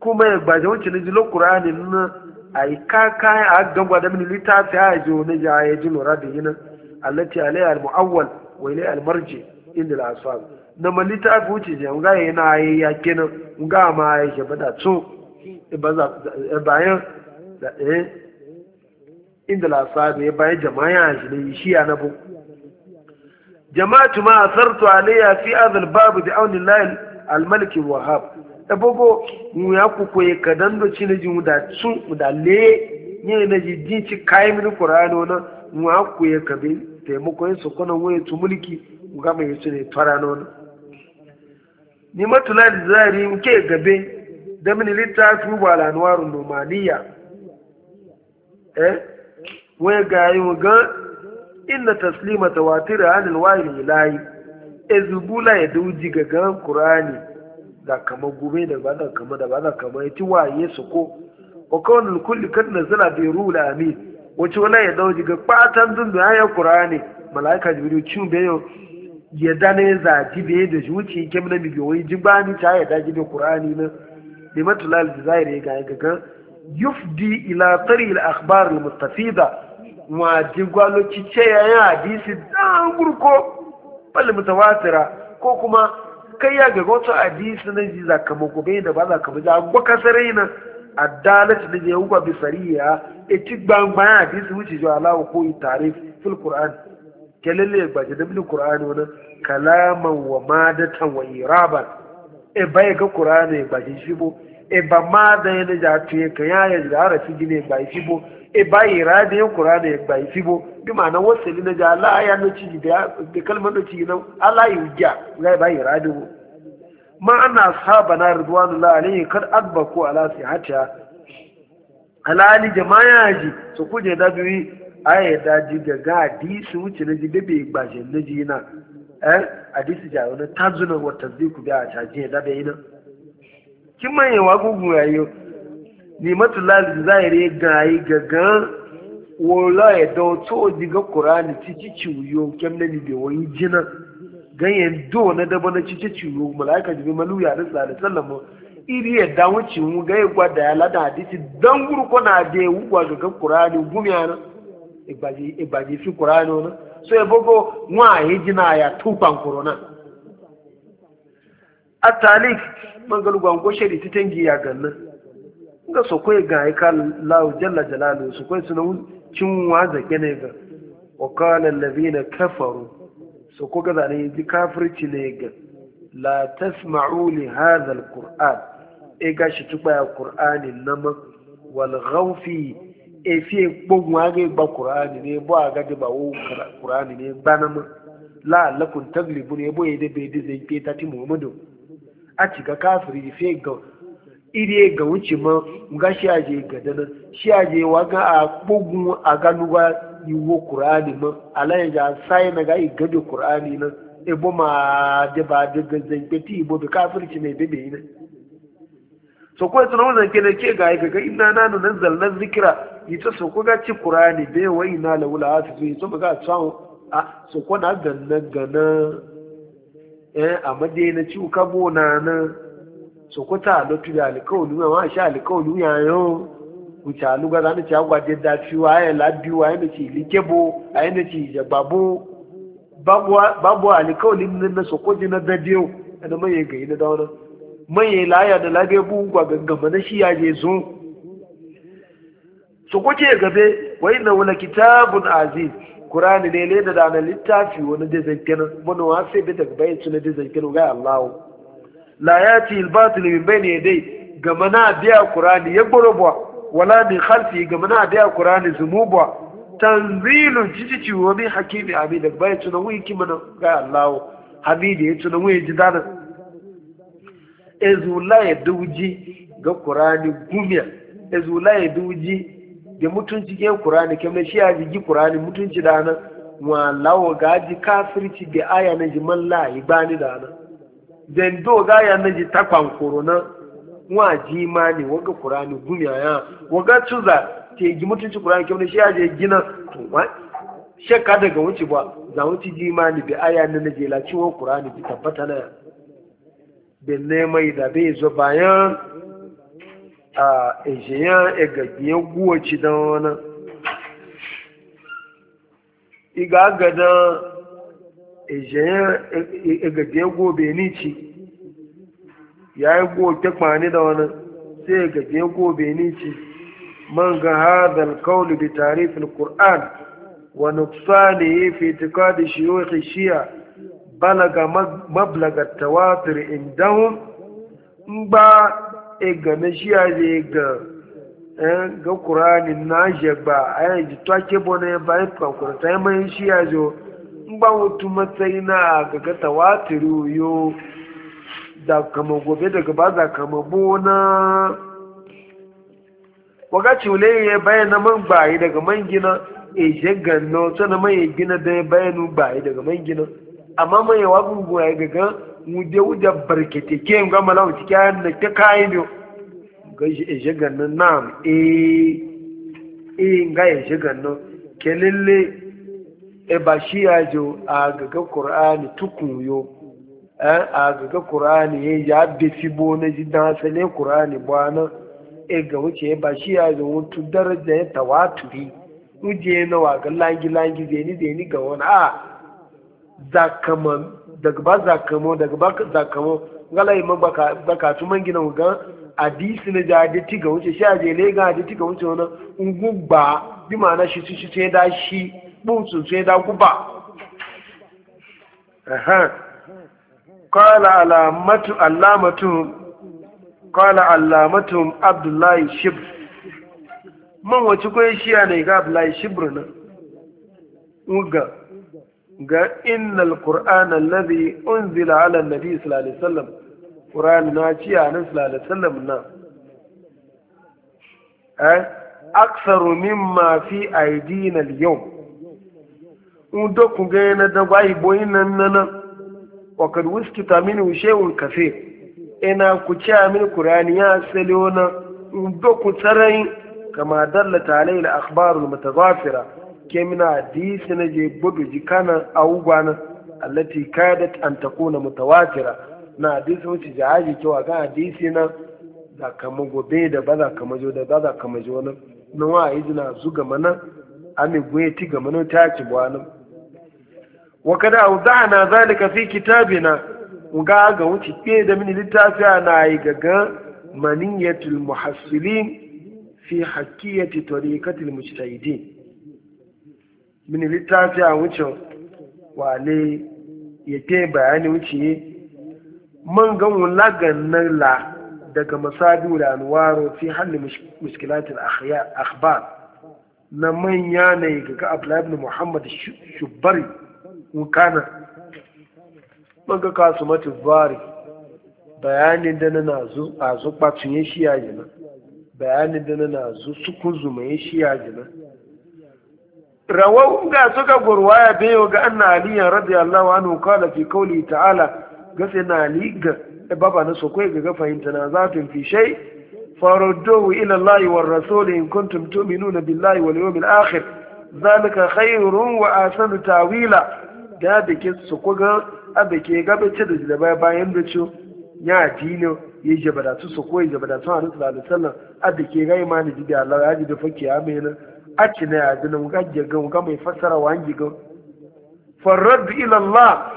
kuma ya gbaje wancan ji lokuranin na a yi kaka a gangwa da mini littafi a ji wani ya ya ji lura da yi nan allati alai al-mu'awwal wa ilai al-marji inda la asfal na ma littafi wuce je nga yi na yi ya kenan nga ma ya ke bada tso e ba e bayan e, inda la asfal ya bayan jama'a ya shi ne shi ya na bu jama'atu ma asartu alayya fi hadha al-bab bi auni al-malik wahab ebogo mu ya kuko ye kadan do cin ji mu da su mu da le ne ji din ci kai mi qur'ano na, mu ya ku ka kabe te mu koye su kono wo tu mulki mu ga mai su ne tarano na ni matula da zari mu ke gabe da min littafi bala lanwarun lumaniya eh wai ga yi mu ga inna taslima tawatir anil wahyi ilahi ezubula ya duji ga gan qur'ani da kama gube da ba da kama da ba da kama ya ci waye su ko wa kawai kulli kan na zana bai rula amin wace wala ya dawo ga fatan dun da ya qur'ani malaika jibiru cin yau ya dane zaji be da zuci kem na wani wai jibani ta ya daji da qur'ani na bi matulal ya ga ga ga yufdi ila tari al akhbar al mustafida wa jigwalo ci ce ya hadisi dan gurko bal mutawatira ko kuma kai ya ga wasu hadisi na ji zakamako bai da ba zakamako da gwaka kasarai na adalati ne ya huwa bi sariya e ti gbangba ya hadisi wuce jo alawo ko yi fil qur'an kelele ya gbaje da bil qur'an wani kalaman wa madatan wa iraban e bai ga qur'an ya gbaje shi bo e ba ma da ya ja tuye kan ya ya da harafi gine ba shi bo iba iradi yin qur'ani ya bai fibo bi ma'ana wasali na ja Allah ya no ci da da kalmar da ci na Allah ya wuja ga ba iradi bu ma ana sahabana ridwanullahi alaihi kad adbaku ala sihata ala ali jama'a ji su kuje da biyu aye da ji ga gadi su wuce na ji da bai gbashe na ji na eh hadisi ja wani tazuna wa tasdiku bi a caje da bai na kin mayewa gugu yayo limatu lalin zahiri gayi gagan wola ya da wato diga kurani cici ciwo kemne ni be wani jina ganyen do na daba na cici ciwo malaika jibi malu ya da tsare sallama iri ya da wuce mu ga igwa da ya lada hadisi dan guru ko na de ugwa ga kurani gumi ana igbaji igbaji fi kurani ona so e bogo nwa yi jina ya tupan corona atalik mangalu gwango shedi titangi ya ganna ga su kai ga ya kan lawo jalla jalalu su kai suna cin waza gane ga wa labi na kafaru su ko ga zane ji kafirci ne ga la tasma'u li hazal kur'an e ga shi tuba ya kur'ani nama wal ghawfi e fi e gbogbo aga ba kur'ani ne bo aga ba wo kur'ani ne ba nama la lakun taglibu ne bo yede be dizai zai ta muhammadu a cika kafiri fi ga iri ga wuce ma ga shi aje ga dana shi aje wa ga a bugun a ganuwa yiwo qur'ani ma alaye ga sai na ga igade qur'ani na ebo ma de ba de ga zai beti ibo be kafirci ne be be ne so ko tsana wannan ke ne ke ga ga ga inna nanu na zikra ita so ko ga ci qur'ani be wai na la wala hafizu ita to ga tsawo a so ko na ganna ganna eh amma dai na ci ka bona na sokota ma ló tuli àlìkọ́ọ̀lù náà wọ́n àṣà àlìkọ́ọ̀lù yàrá wuce aluga za ni ci agwa de da fi wa ya labi wa yana ci likebo a yana ci ya babu babu alikawali na na sokoji na dajiyo da manye gayi na dauna manye laya da labe ga gangama na shi ya je zo sokoji ya be wai na wani kitabun aziz kurani ne le da na dana fi wani da zaggana wani wa sai bi daga bayan su na da zaggana ga allahu la yati al-batil min bayni yadayhi gama na biya Qur'ani ya gborobwa wala bi khalfi gama na biya Qur'ani zumubwa tanzilu jijiji wa min hakimi amida bai tuna wi kimana ga Allah hamidi ya tuna wi jidana ezula ya duji ga Qur'ani gumiya ezula ya duji da mutunci ke Qur'ani kamar shi ya ji Qur'ani mutunci dana wa lawo gaji kafirci da aya na jiman ibani dana zendo ga ya na ji takwan korona wa ji ma ni waga qur'ani gumiya ya waga tuza ke ji mutunci qur'ani kyau ne shi ya gina to she ka daga wuce ba za wuce ji ma imani bi aya na na la ciwo qur'ani bi tabbata na be ne mai da be zo bayan a ejiyan guwa guwaci dan wani iga gada eje gaje e, e, gobe ni ci ya yi goke kwani da wani sai gaje gobe ni ci man ga hadal kauli bi tarifin qur'an wa nuqsani fi da shuyukh shiya balaga mablaga tawatir indahum ba e ga na shi'a ne ga eh, ga qur'anin na je ba a ji take bone ba ai kan qur'an mai shiya jo in ba mutu matsayi na gata tawatiri yo da kama gobe daga ba za kama bona waga cule ya bayan na man bayi daga man gina e je na wato na man gina da ya bayanu bayi daga man gina amma man yawa gungun ya gaga wuje wuje barkete ke yin gama lawa ciki kayan da ta kayan ne ga e ganno na e e ga e ganno ke lalle e ba shi ya jo a gaga qur'ani tukun yo a gaga qur'ani ya ya be fi bo na ji dan sale qur'ani ba na e ga wuce ba shi ya jo wutu darajar ya tawaturi uje na wa ga langi langi zeni zeni ga wani a zakama daga ba zakamo daga ba zakamo gala yi baka zakatu man gina ga hadisi na jadeti ga wuce shi a jele ga haditi ga wuce wani ba bi ma'ana shi su shi sai da shi busu sai da guba kala alamatu alamatu kala alamatu abdullahi shibr man wace kwaye shiya ne ga abdullahi shibr na? uga ga innal qur'ana alladhi unzila ala nabi sallallahu alaihi wasallam qur'an na ci a nan sallallahu alaihi wasallam na eh aktsaru mimma fi aidina al-yawm ndokun ga na da gwayi boyin nan nan wa kad wuskita min shay'un kafe ina ku ci min qur'ani ya salona ndokun tsarai kama dallata alayhi al-akhbar al-mutazafira kemina hadisi na je budu jikana awugwana allati kadat an takuna mutawatira na hadisi wuce jahaji kewa ga hadisi na za ka gobe da ba za ka majo da ba za ka majo nan nan wa yi na zu gama nan ami gwe ti gama nan ta ci bwa nan wa kada awda'na zalika fi kitabina ga ga wuce ke da mini littafi na yi gaga maniyatul muhassilin fi haqqiyati tariqatil mujtahidin mini littafi a wuce wale ya ke bayani wuce man ga wulagan la daga masadu da anwaro fi halli muskilatin akhbar na manya ne ga abdullahi ibn muhammad shubbari nkana manga kasu mati bari bayanin da na a zu ya shi yaji bayanin da na zu suku zuma ya shi yaji na ga suka gurwaya bayo ga anna aliyan radiyallahu anhu qala fi ta'ala gase na ali ga e baba na sokoi ga ga fahimta na zafin fi shay farudduhu ila allahi war rasul in kuntum tu'minuna billahi wal yawmil akhir zalika khayrun wa ahsanu tawila da bikin su kuga a bike gabe ce da jilaba bayan da ci ya dino ya jabadatu su ko ya jabadatu a nutsu da sallan a bike ga imani da Allah ya ji da fake ya mai nan a ci na ya dina ga jaga ga mai fassara wa hangi ga farrad ila Allah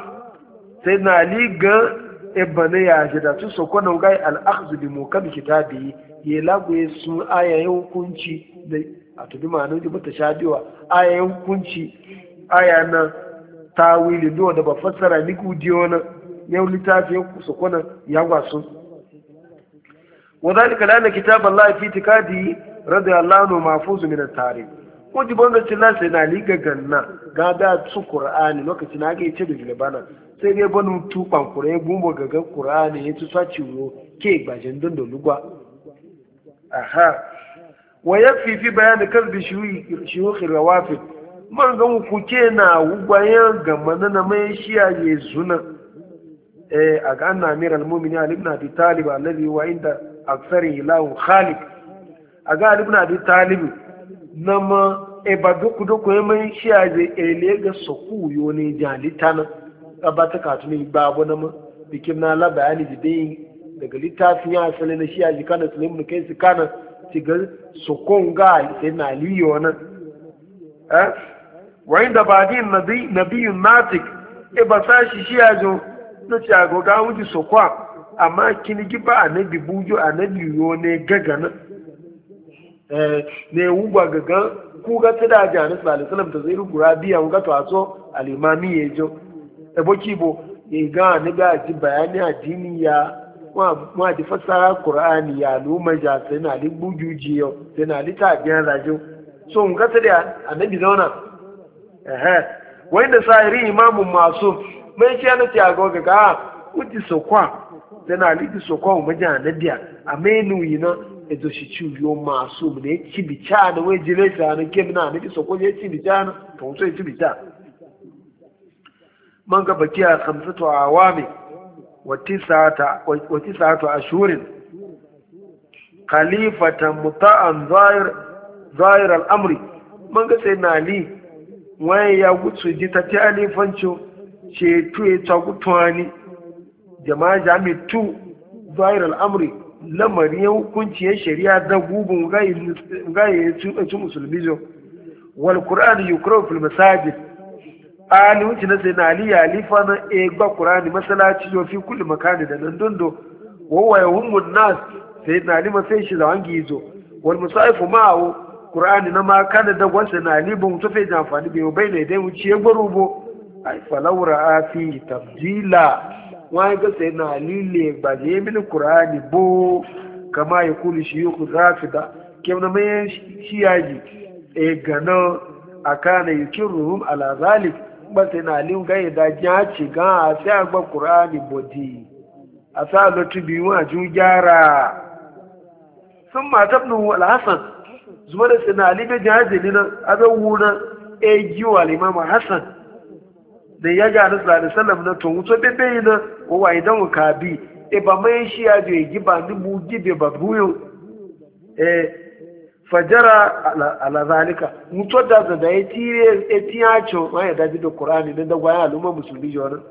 sai na li ga ibane e ya da su ko na ga al-akhdh bi mukam kitabi ya lagoye su ayayen hukunci da a tudu ma'anin ji bata sha biwa ayayen hukunci aya na tawili do da ba fassara ni kudiyo na yau littafi su kuna ya gwasu wadalika lana kitab Allah fi tikadi radiyallahu anhu mahfuz min at-tarikh wajib banga cilla sai na liga ganna ga da su qur'ani lokacin na ga yace da bana, sai dai banu tuban qur'ani gumbo gaga qur'ani yace sace wo ke gbajin don da lugwa aha wa yafi fi bayan kalbi shuyi shuyukh rawafid margan kuke na gwayen gama na mai shiya ya zuna eh, a ga namir amir al-mumini ali abi talib alladhi wa inda aksari ilahu khalid a ga ali ibn abi talib na ma e ba duku duku ya e mai shiya zai ele ga soku yo ne jalita na ba ta katuni ba abu na ma bikin na la jide yi daga littafin ya asali na shiya na sulaiman kai su kana shigar sokon ga sai na aliyu wani eh? wa inda nabi nabiyun natik e ba sa shi shi yazo na ci ago ga wuji so amma kini giba anabi bujo anabi yo ne gagana eh ne wugwa gaga ku ga tada ga nabi sallallahu alaihi wasallam ta zai rugura biya ga to aso al-imami yejo e boki bo e ga ne ga ji bayani addini ya wa ji fassara qur'ani ya luma ja sai na li bujuji yo sai na li tabiyan rajo so ga tada anabi zauna Ehe. wai da sa'iri imamun masu mai ce ah, na tiago ga ga uti sokwa da na liki sokwa mu maja na biya a menu yina e do shi ci yo masu da ya ci bica da wai jire sa na ke na liki sokwa ya ci bica na to so ci bica man ga bakiya khamsatu awami wa tisata wa tisatu ashhurin khalifatan muta'an zahir zahir al-amri man ga sai na li. wani ya gutsu ji ta ta alifancin ce tu ya ta gutuwa ni jama'a jami tu zahir amri lamari ya hukunci ya shari'a da gugun gaye ya ci musulmi zo wal qur'an yukrahu fil masajid ali wuce na sai na ali ya alifa na e gba qur'ani masallaci yo fi kulli makani da nan dondo wawa ya hummun nas sai na ali ma sai shi zawan zo wal musaifu ma'ahu qur'ani na ma kada da wasu na ni ba mutu fai amfani bai bai ne dai wuce ya gwaru bo ai falawra afi tabdila wani ga sai na lile ba je mini qur'ani bo kama ya kuli shi yuku rafida kem na mai shi yaji e gana akana yukiruhum ala zalik ba sai na lin ga da jaci ga sai agba qur'ani bodi asa lotu biwa ju jara sun ma al-hasan zuma da sina ali be jaje ni na abe wuna a eh, giwa limama Hassan. da ya ga na tsari sallam na to wuto bebe yi na o wa idan ka bi e ba mai shi ya je giba ni mu gibe ba buyo e fajara ala zalika wuto da da ya tire a tiyacho wai ya daji da qur'ani dan da gwaya al'umma musulmi jona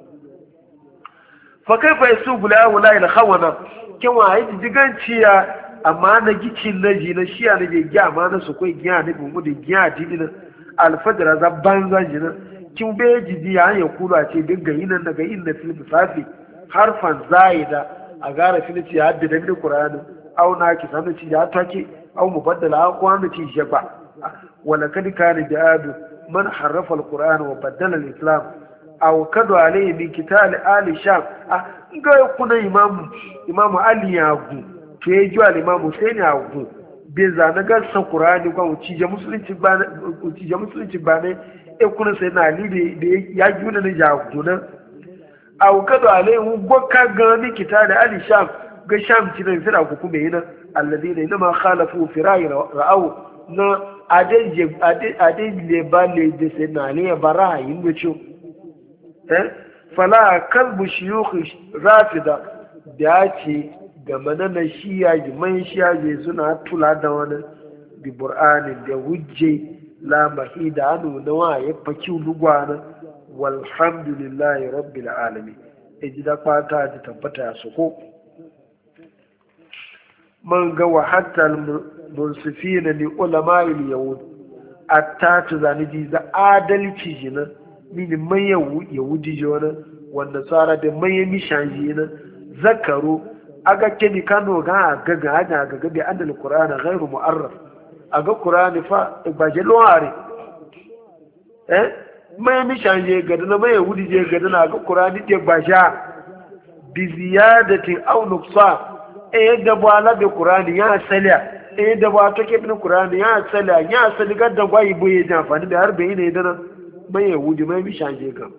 fa kaifa sun la ilaha illa huwa na kin wa yi diganciya amma na gicin na ji na shiya na bai gya ma na su kai gya ne mu da gya na alfajira za banza ji na kin bai ji ji ya ya kula ce duk ga nan daga yin na filin safi harfan zaida a gara filin ce ya hadda da mini kurani au na ki sanu ci ya take au mu baddala an ci jaba wala kad kana bi adu man harrafa alquran wa baddala alislam aw kadu alayhi bi kitab ali sham ah, ga kuna imam imam ali ya gu to ya ji al'imam Hussein a gun bai zane gansan Kur'ani gwan ucije musulunci ba ne e kuna sai na ali da ya ji ya ja gunan a wukadu alaihu gwaka gani kita da ali sham ga sham ci nan fira ku kuma yana alladhi ne na ma khalafu firayi ra'au na adeje adeje ba le de sai na ali ba bara da ciwo eh fala kalbu shuyukh rafida da ce game da na shiya jiman shiya je suna tula da wani bi bur'ani da wujje la da hannu na wa ya faki lugwana walhamdulillahi rabbil alami e ji da fata ji tabbata ya soko man ga wa hatta munsifina ulama ulama'il yahud atta ta zani ji adalci na mini man yahudi jona wanda tsara da man ya mishan na zakaru aga kebi kano ga gaga ga ga ga bi annal qur'ana ghairu mu'arraf aga qur'ani fa ba je loare eh mai mi shanje gada na mai wudi je gada na aga qur'ani te ba ja bi ziyadati aw nuqsa eh da ba la bi qur'ani ya salia eh da ba to ke bin qur'ani ya salia ya sali ga da gwai boye da amfani da harbe ne da mai wudi mai mi shanje ga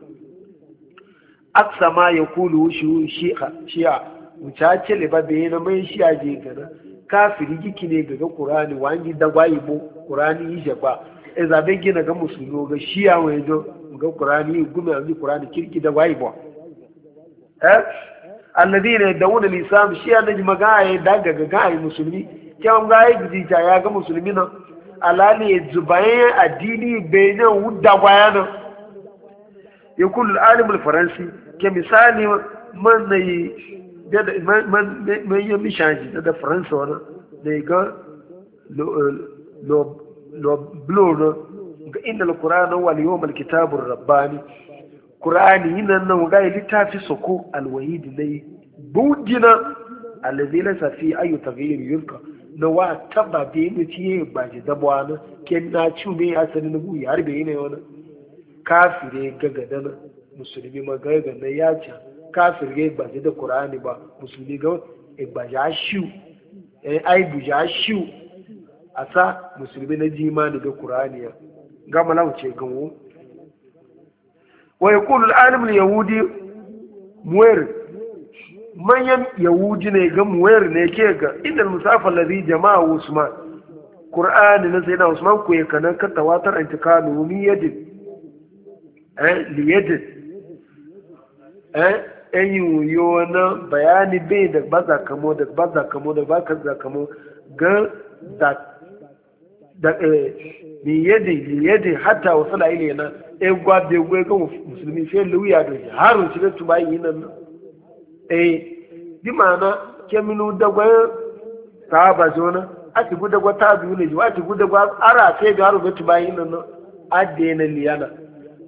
aksa ma yakulu kulu shi shi'a wucace le babe na mai shi a je gana kafiri giki ne gaga qur'ani wangi da gwayi bo qur'ani yije ba e zabe gina ga musulmi ga shi a wani do ga qur'ani gumi a ji qur'ani kirki da gwayi bo eh alladina yadawuna al-islam shi a naji magaya daga ga ga musulmi kyan ga ya gidi ta ya ga musulmi nan alali zubayen addini benin wudda gwaya nan ya kullu alimul faransi ke misali man na yi da manyan mishanji da faransa wani da ga loblo eh, na ga inda alkur'anin waliyo malkitabun rabbani kur'ani yinan nan ga littafi soko alwahidi na yi bugina alazina safi ayu tafiyar yurka na wa taba da yi mutu ya yi baji dabuwa na ken na ci mai asali na buyi har bai yi ne wani kafire gagadana musulmi na ya can kafir ba igbaje da qur'ani ba musulmi ga igbaje ashiu eh ai buja ashiu asa musulmi na jimani da qur'ani ya ga malamu ce ganwo wa yaqulu al-alim al-yahudi muwar manyan yahudi ne ga muwar ne ke ga inda musafa ladhi jama'a usman qur'ani na sayyidina usman ku ya kanan ka tawatar intikanu min yadin eh eh ɗanyin yiwuwa na bayani bai da ba za kamo da ba za kamo da ba ka za kamo ga da da ni eh, yadi ni yadi hatta wasu da ile na e gwa be gwe ga musulmi fe luya do harun shi da tuba yi nan eh di mana keminu da gwa a ti gu da gwa biyu ne wa gu da gwa ara fe ga harun da tuba yi nan na liyana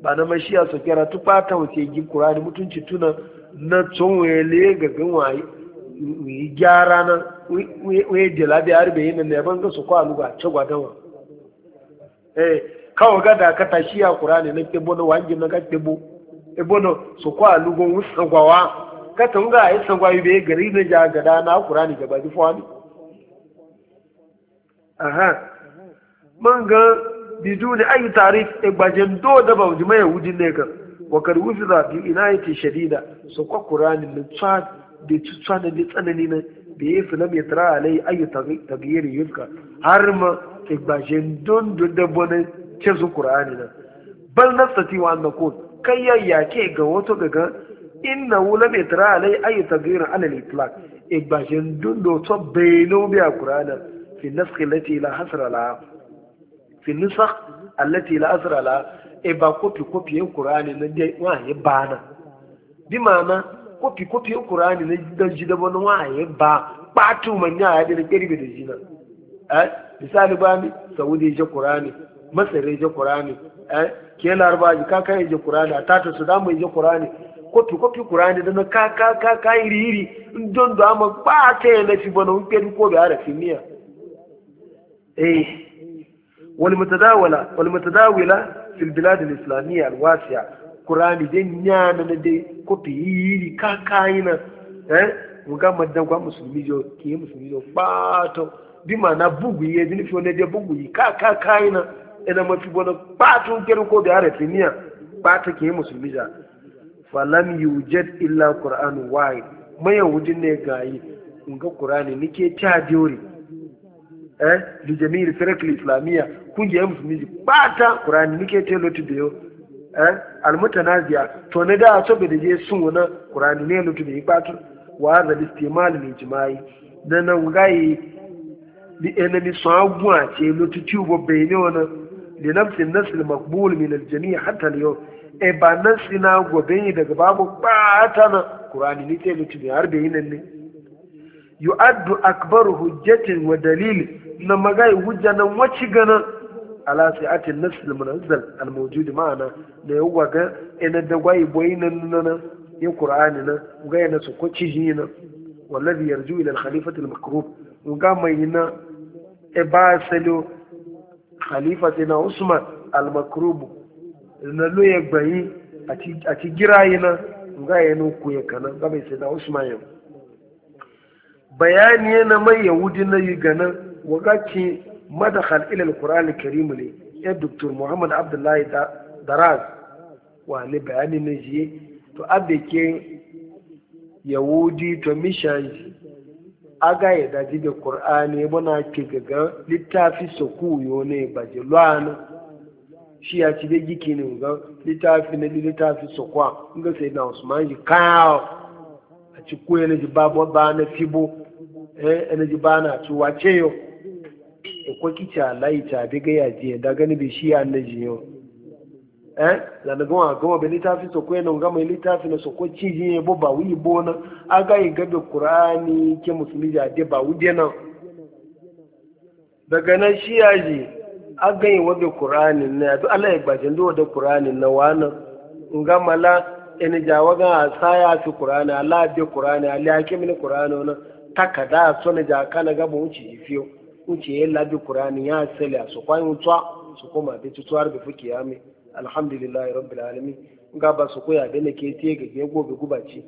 ba na mashiya su kera tupa ta wace gi kurani mutunci tuna na tsohon ga ganwaye yi gyara na wai jalabi har bai yi na ban ga su kwa luga ce gwadawa eh kawo ga da ka tashi ya kurani na kebo na wangin na ga kebo ebo na su kwa lugon wusa gwawa ka tunga a yi sangwayi bai gari na ja gada na kurani gaba ji fawani aha man ga bidu ne ayi tarif egbajen do da ba wujima yahudin ne kan wa karwufi za bi ina yake shadida su kwa kuranin da tsa da tsanani na da ya fi lam ya tara alai ayyu tagayyari yufka har ma igbashin don don dabbonin ce su kurani na bal nasati wa annakun kai ya yake ga wato gaga inna wula mai tara alai ayyu tagayyari alal itlaq igbashin don don to bayano biya kurana fi nasakh allati la hasra la fi nasakh allati la hasra la e ba kopi kofi yin na dai wa ba na bi mama kopi kofi yin qur'ani na dan ji da wani wa ya ba patu manya ya da kirbi da jina eh misali ba mi saudi je qur'ani masar je qur'ani eh ke larba ji ka kai je qur'ani ta ta sudan mai je qur'ani kopi kofi qur'ani da ka ka ka iri iri don da ma ba ta na fi bana un ko da arafi miya eh والمتداولة والمتداولة في البلاد الإسلامية الواسعة قرآن دي نيانا دي كوبي يلي كاكاينا eh muga madan kwa musulmi jo ki musulmi jo pato bi mana bugu ye dini fo ne de bugu yi ka ka kaina ina mafi bona pato keru ko da arefiniya pato ki musulmi ja falam yujad illa qur'an wahid mai wujin ne gayi muga qur'ani nike ta jori eh li jami'i firakli islamiyya kungiyar musulmi ba ta qur'ani nike te lotu biyo eh almutanaziya to ne da so be je sun wona qur'ani ne lotu bi ba to wa da istimal min jima'i da na ngai bi enemi eh, so agun a ce lotu ti ubo be ne wona li nafsi nasl maqbul min jam'i hatta al-yawm e eh, ba nan sina gobe daga babu ba ta na qur'ani ne te lotu bi har be yin ne yu'addu akbaru hujjatin wa dalilin na magai hujja nan wacce gana ala sai ati nasil munazzal al mawjud ma'ana da yawa ga ina da gwai boyi nan nan ya qur'ani nan ga yana su ko ciji nan wallazi yarju ila al khalifati al makrub ga mai na e ba salo khalifati na usman al makrub na lo ya gbayi ati ati girayi nan ga yana ku ya kana ga mai sai na usman yau bayani yana mai yahudi na yi ganin wagaci madakhal ila alquran alkarim ne ya doktor muhammad abdullahi daraz wa ne bayani ne ji to abde ke yahudi to mishaji aga ya daji da qur'ani muna ke gaga littafi sokuyo ne bajelwano shi ya ci da giki ne ga littafi na littafi n ga sai na usman ji kawo a ci koyo na ji babu ba na fibo eh na ji ba ci wace yau ekoki cha lai cha biga ya je da gani bi shi an naji yo eh la na gwa gwa be fi so kwena nga mai fi na so ko ciji bo ba wi na aga yi gabe qur'ani ke musulmi ja de ba wuje na. daga nan shi ya ji aga yi wabe qur'ani ne to Allah ya gbaje ndo da qur'ani na wana nga mala en jawa ga saya fi qur'ani Allah bi qur'ani Allah ya ke mini qur'ani na takada so ne ja kana gaba wuce fiyo kuce ya labi kurani ya sali su kwayin mutuwa su koma bi tutuwar da fuki ya mai alhamdulillahi rabbil alamin ga ba su koya da ke tiye ga gobe gubaci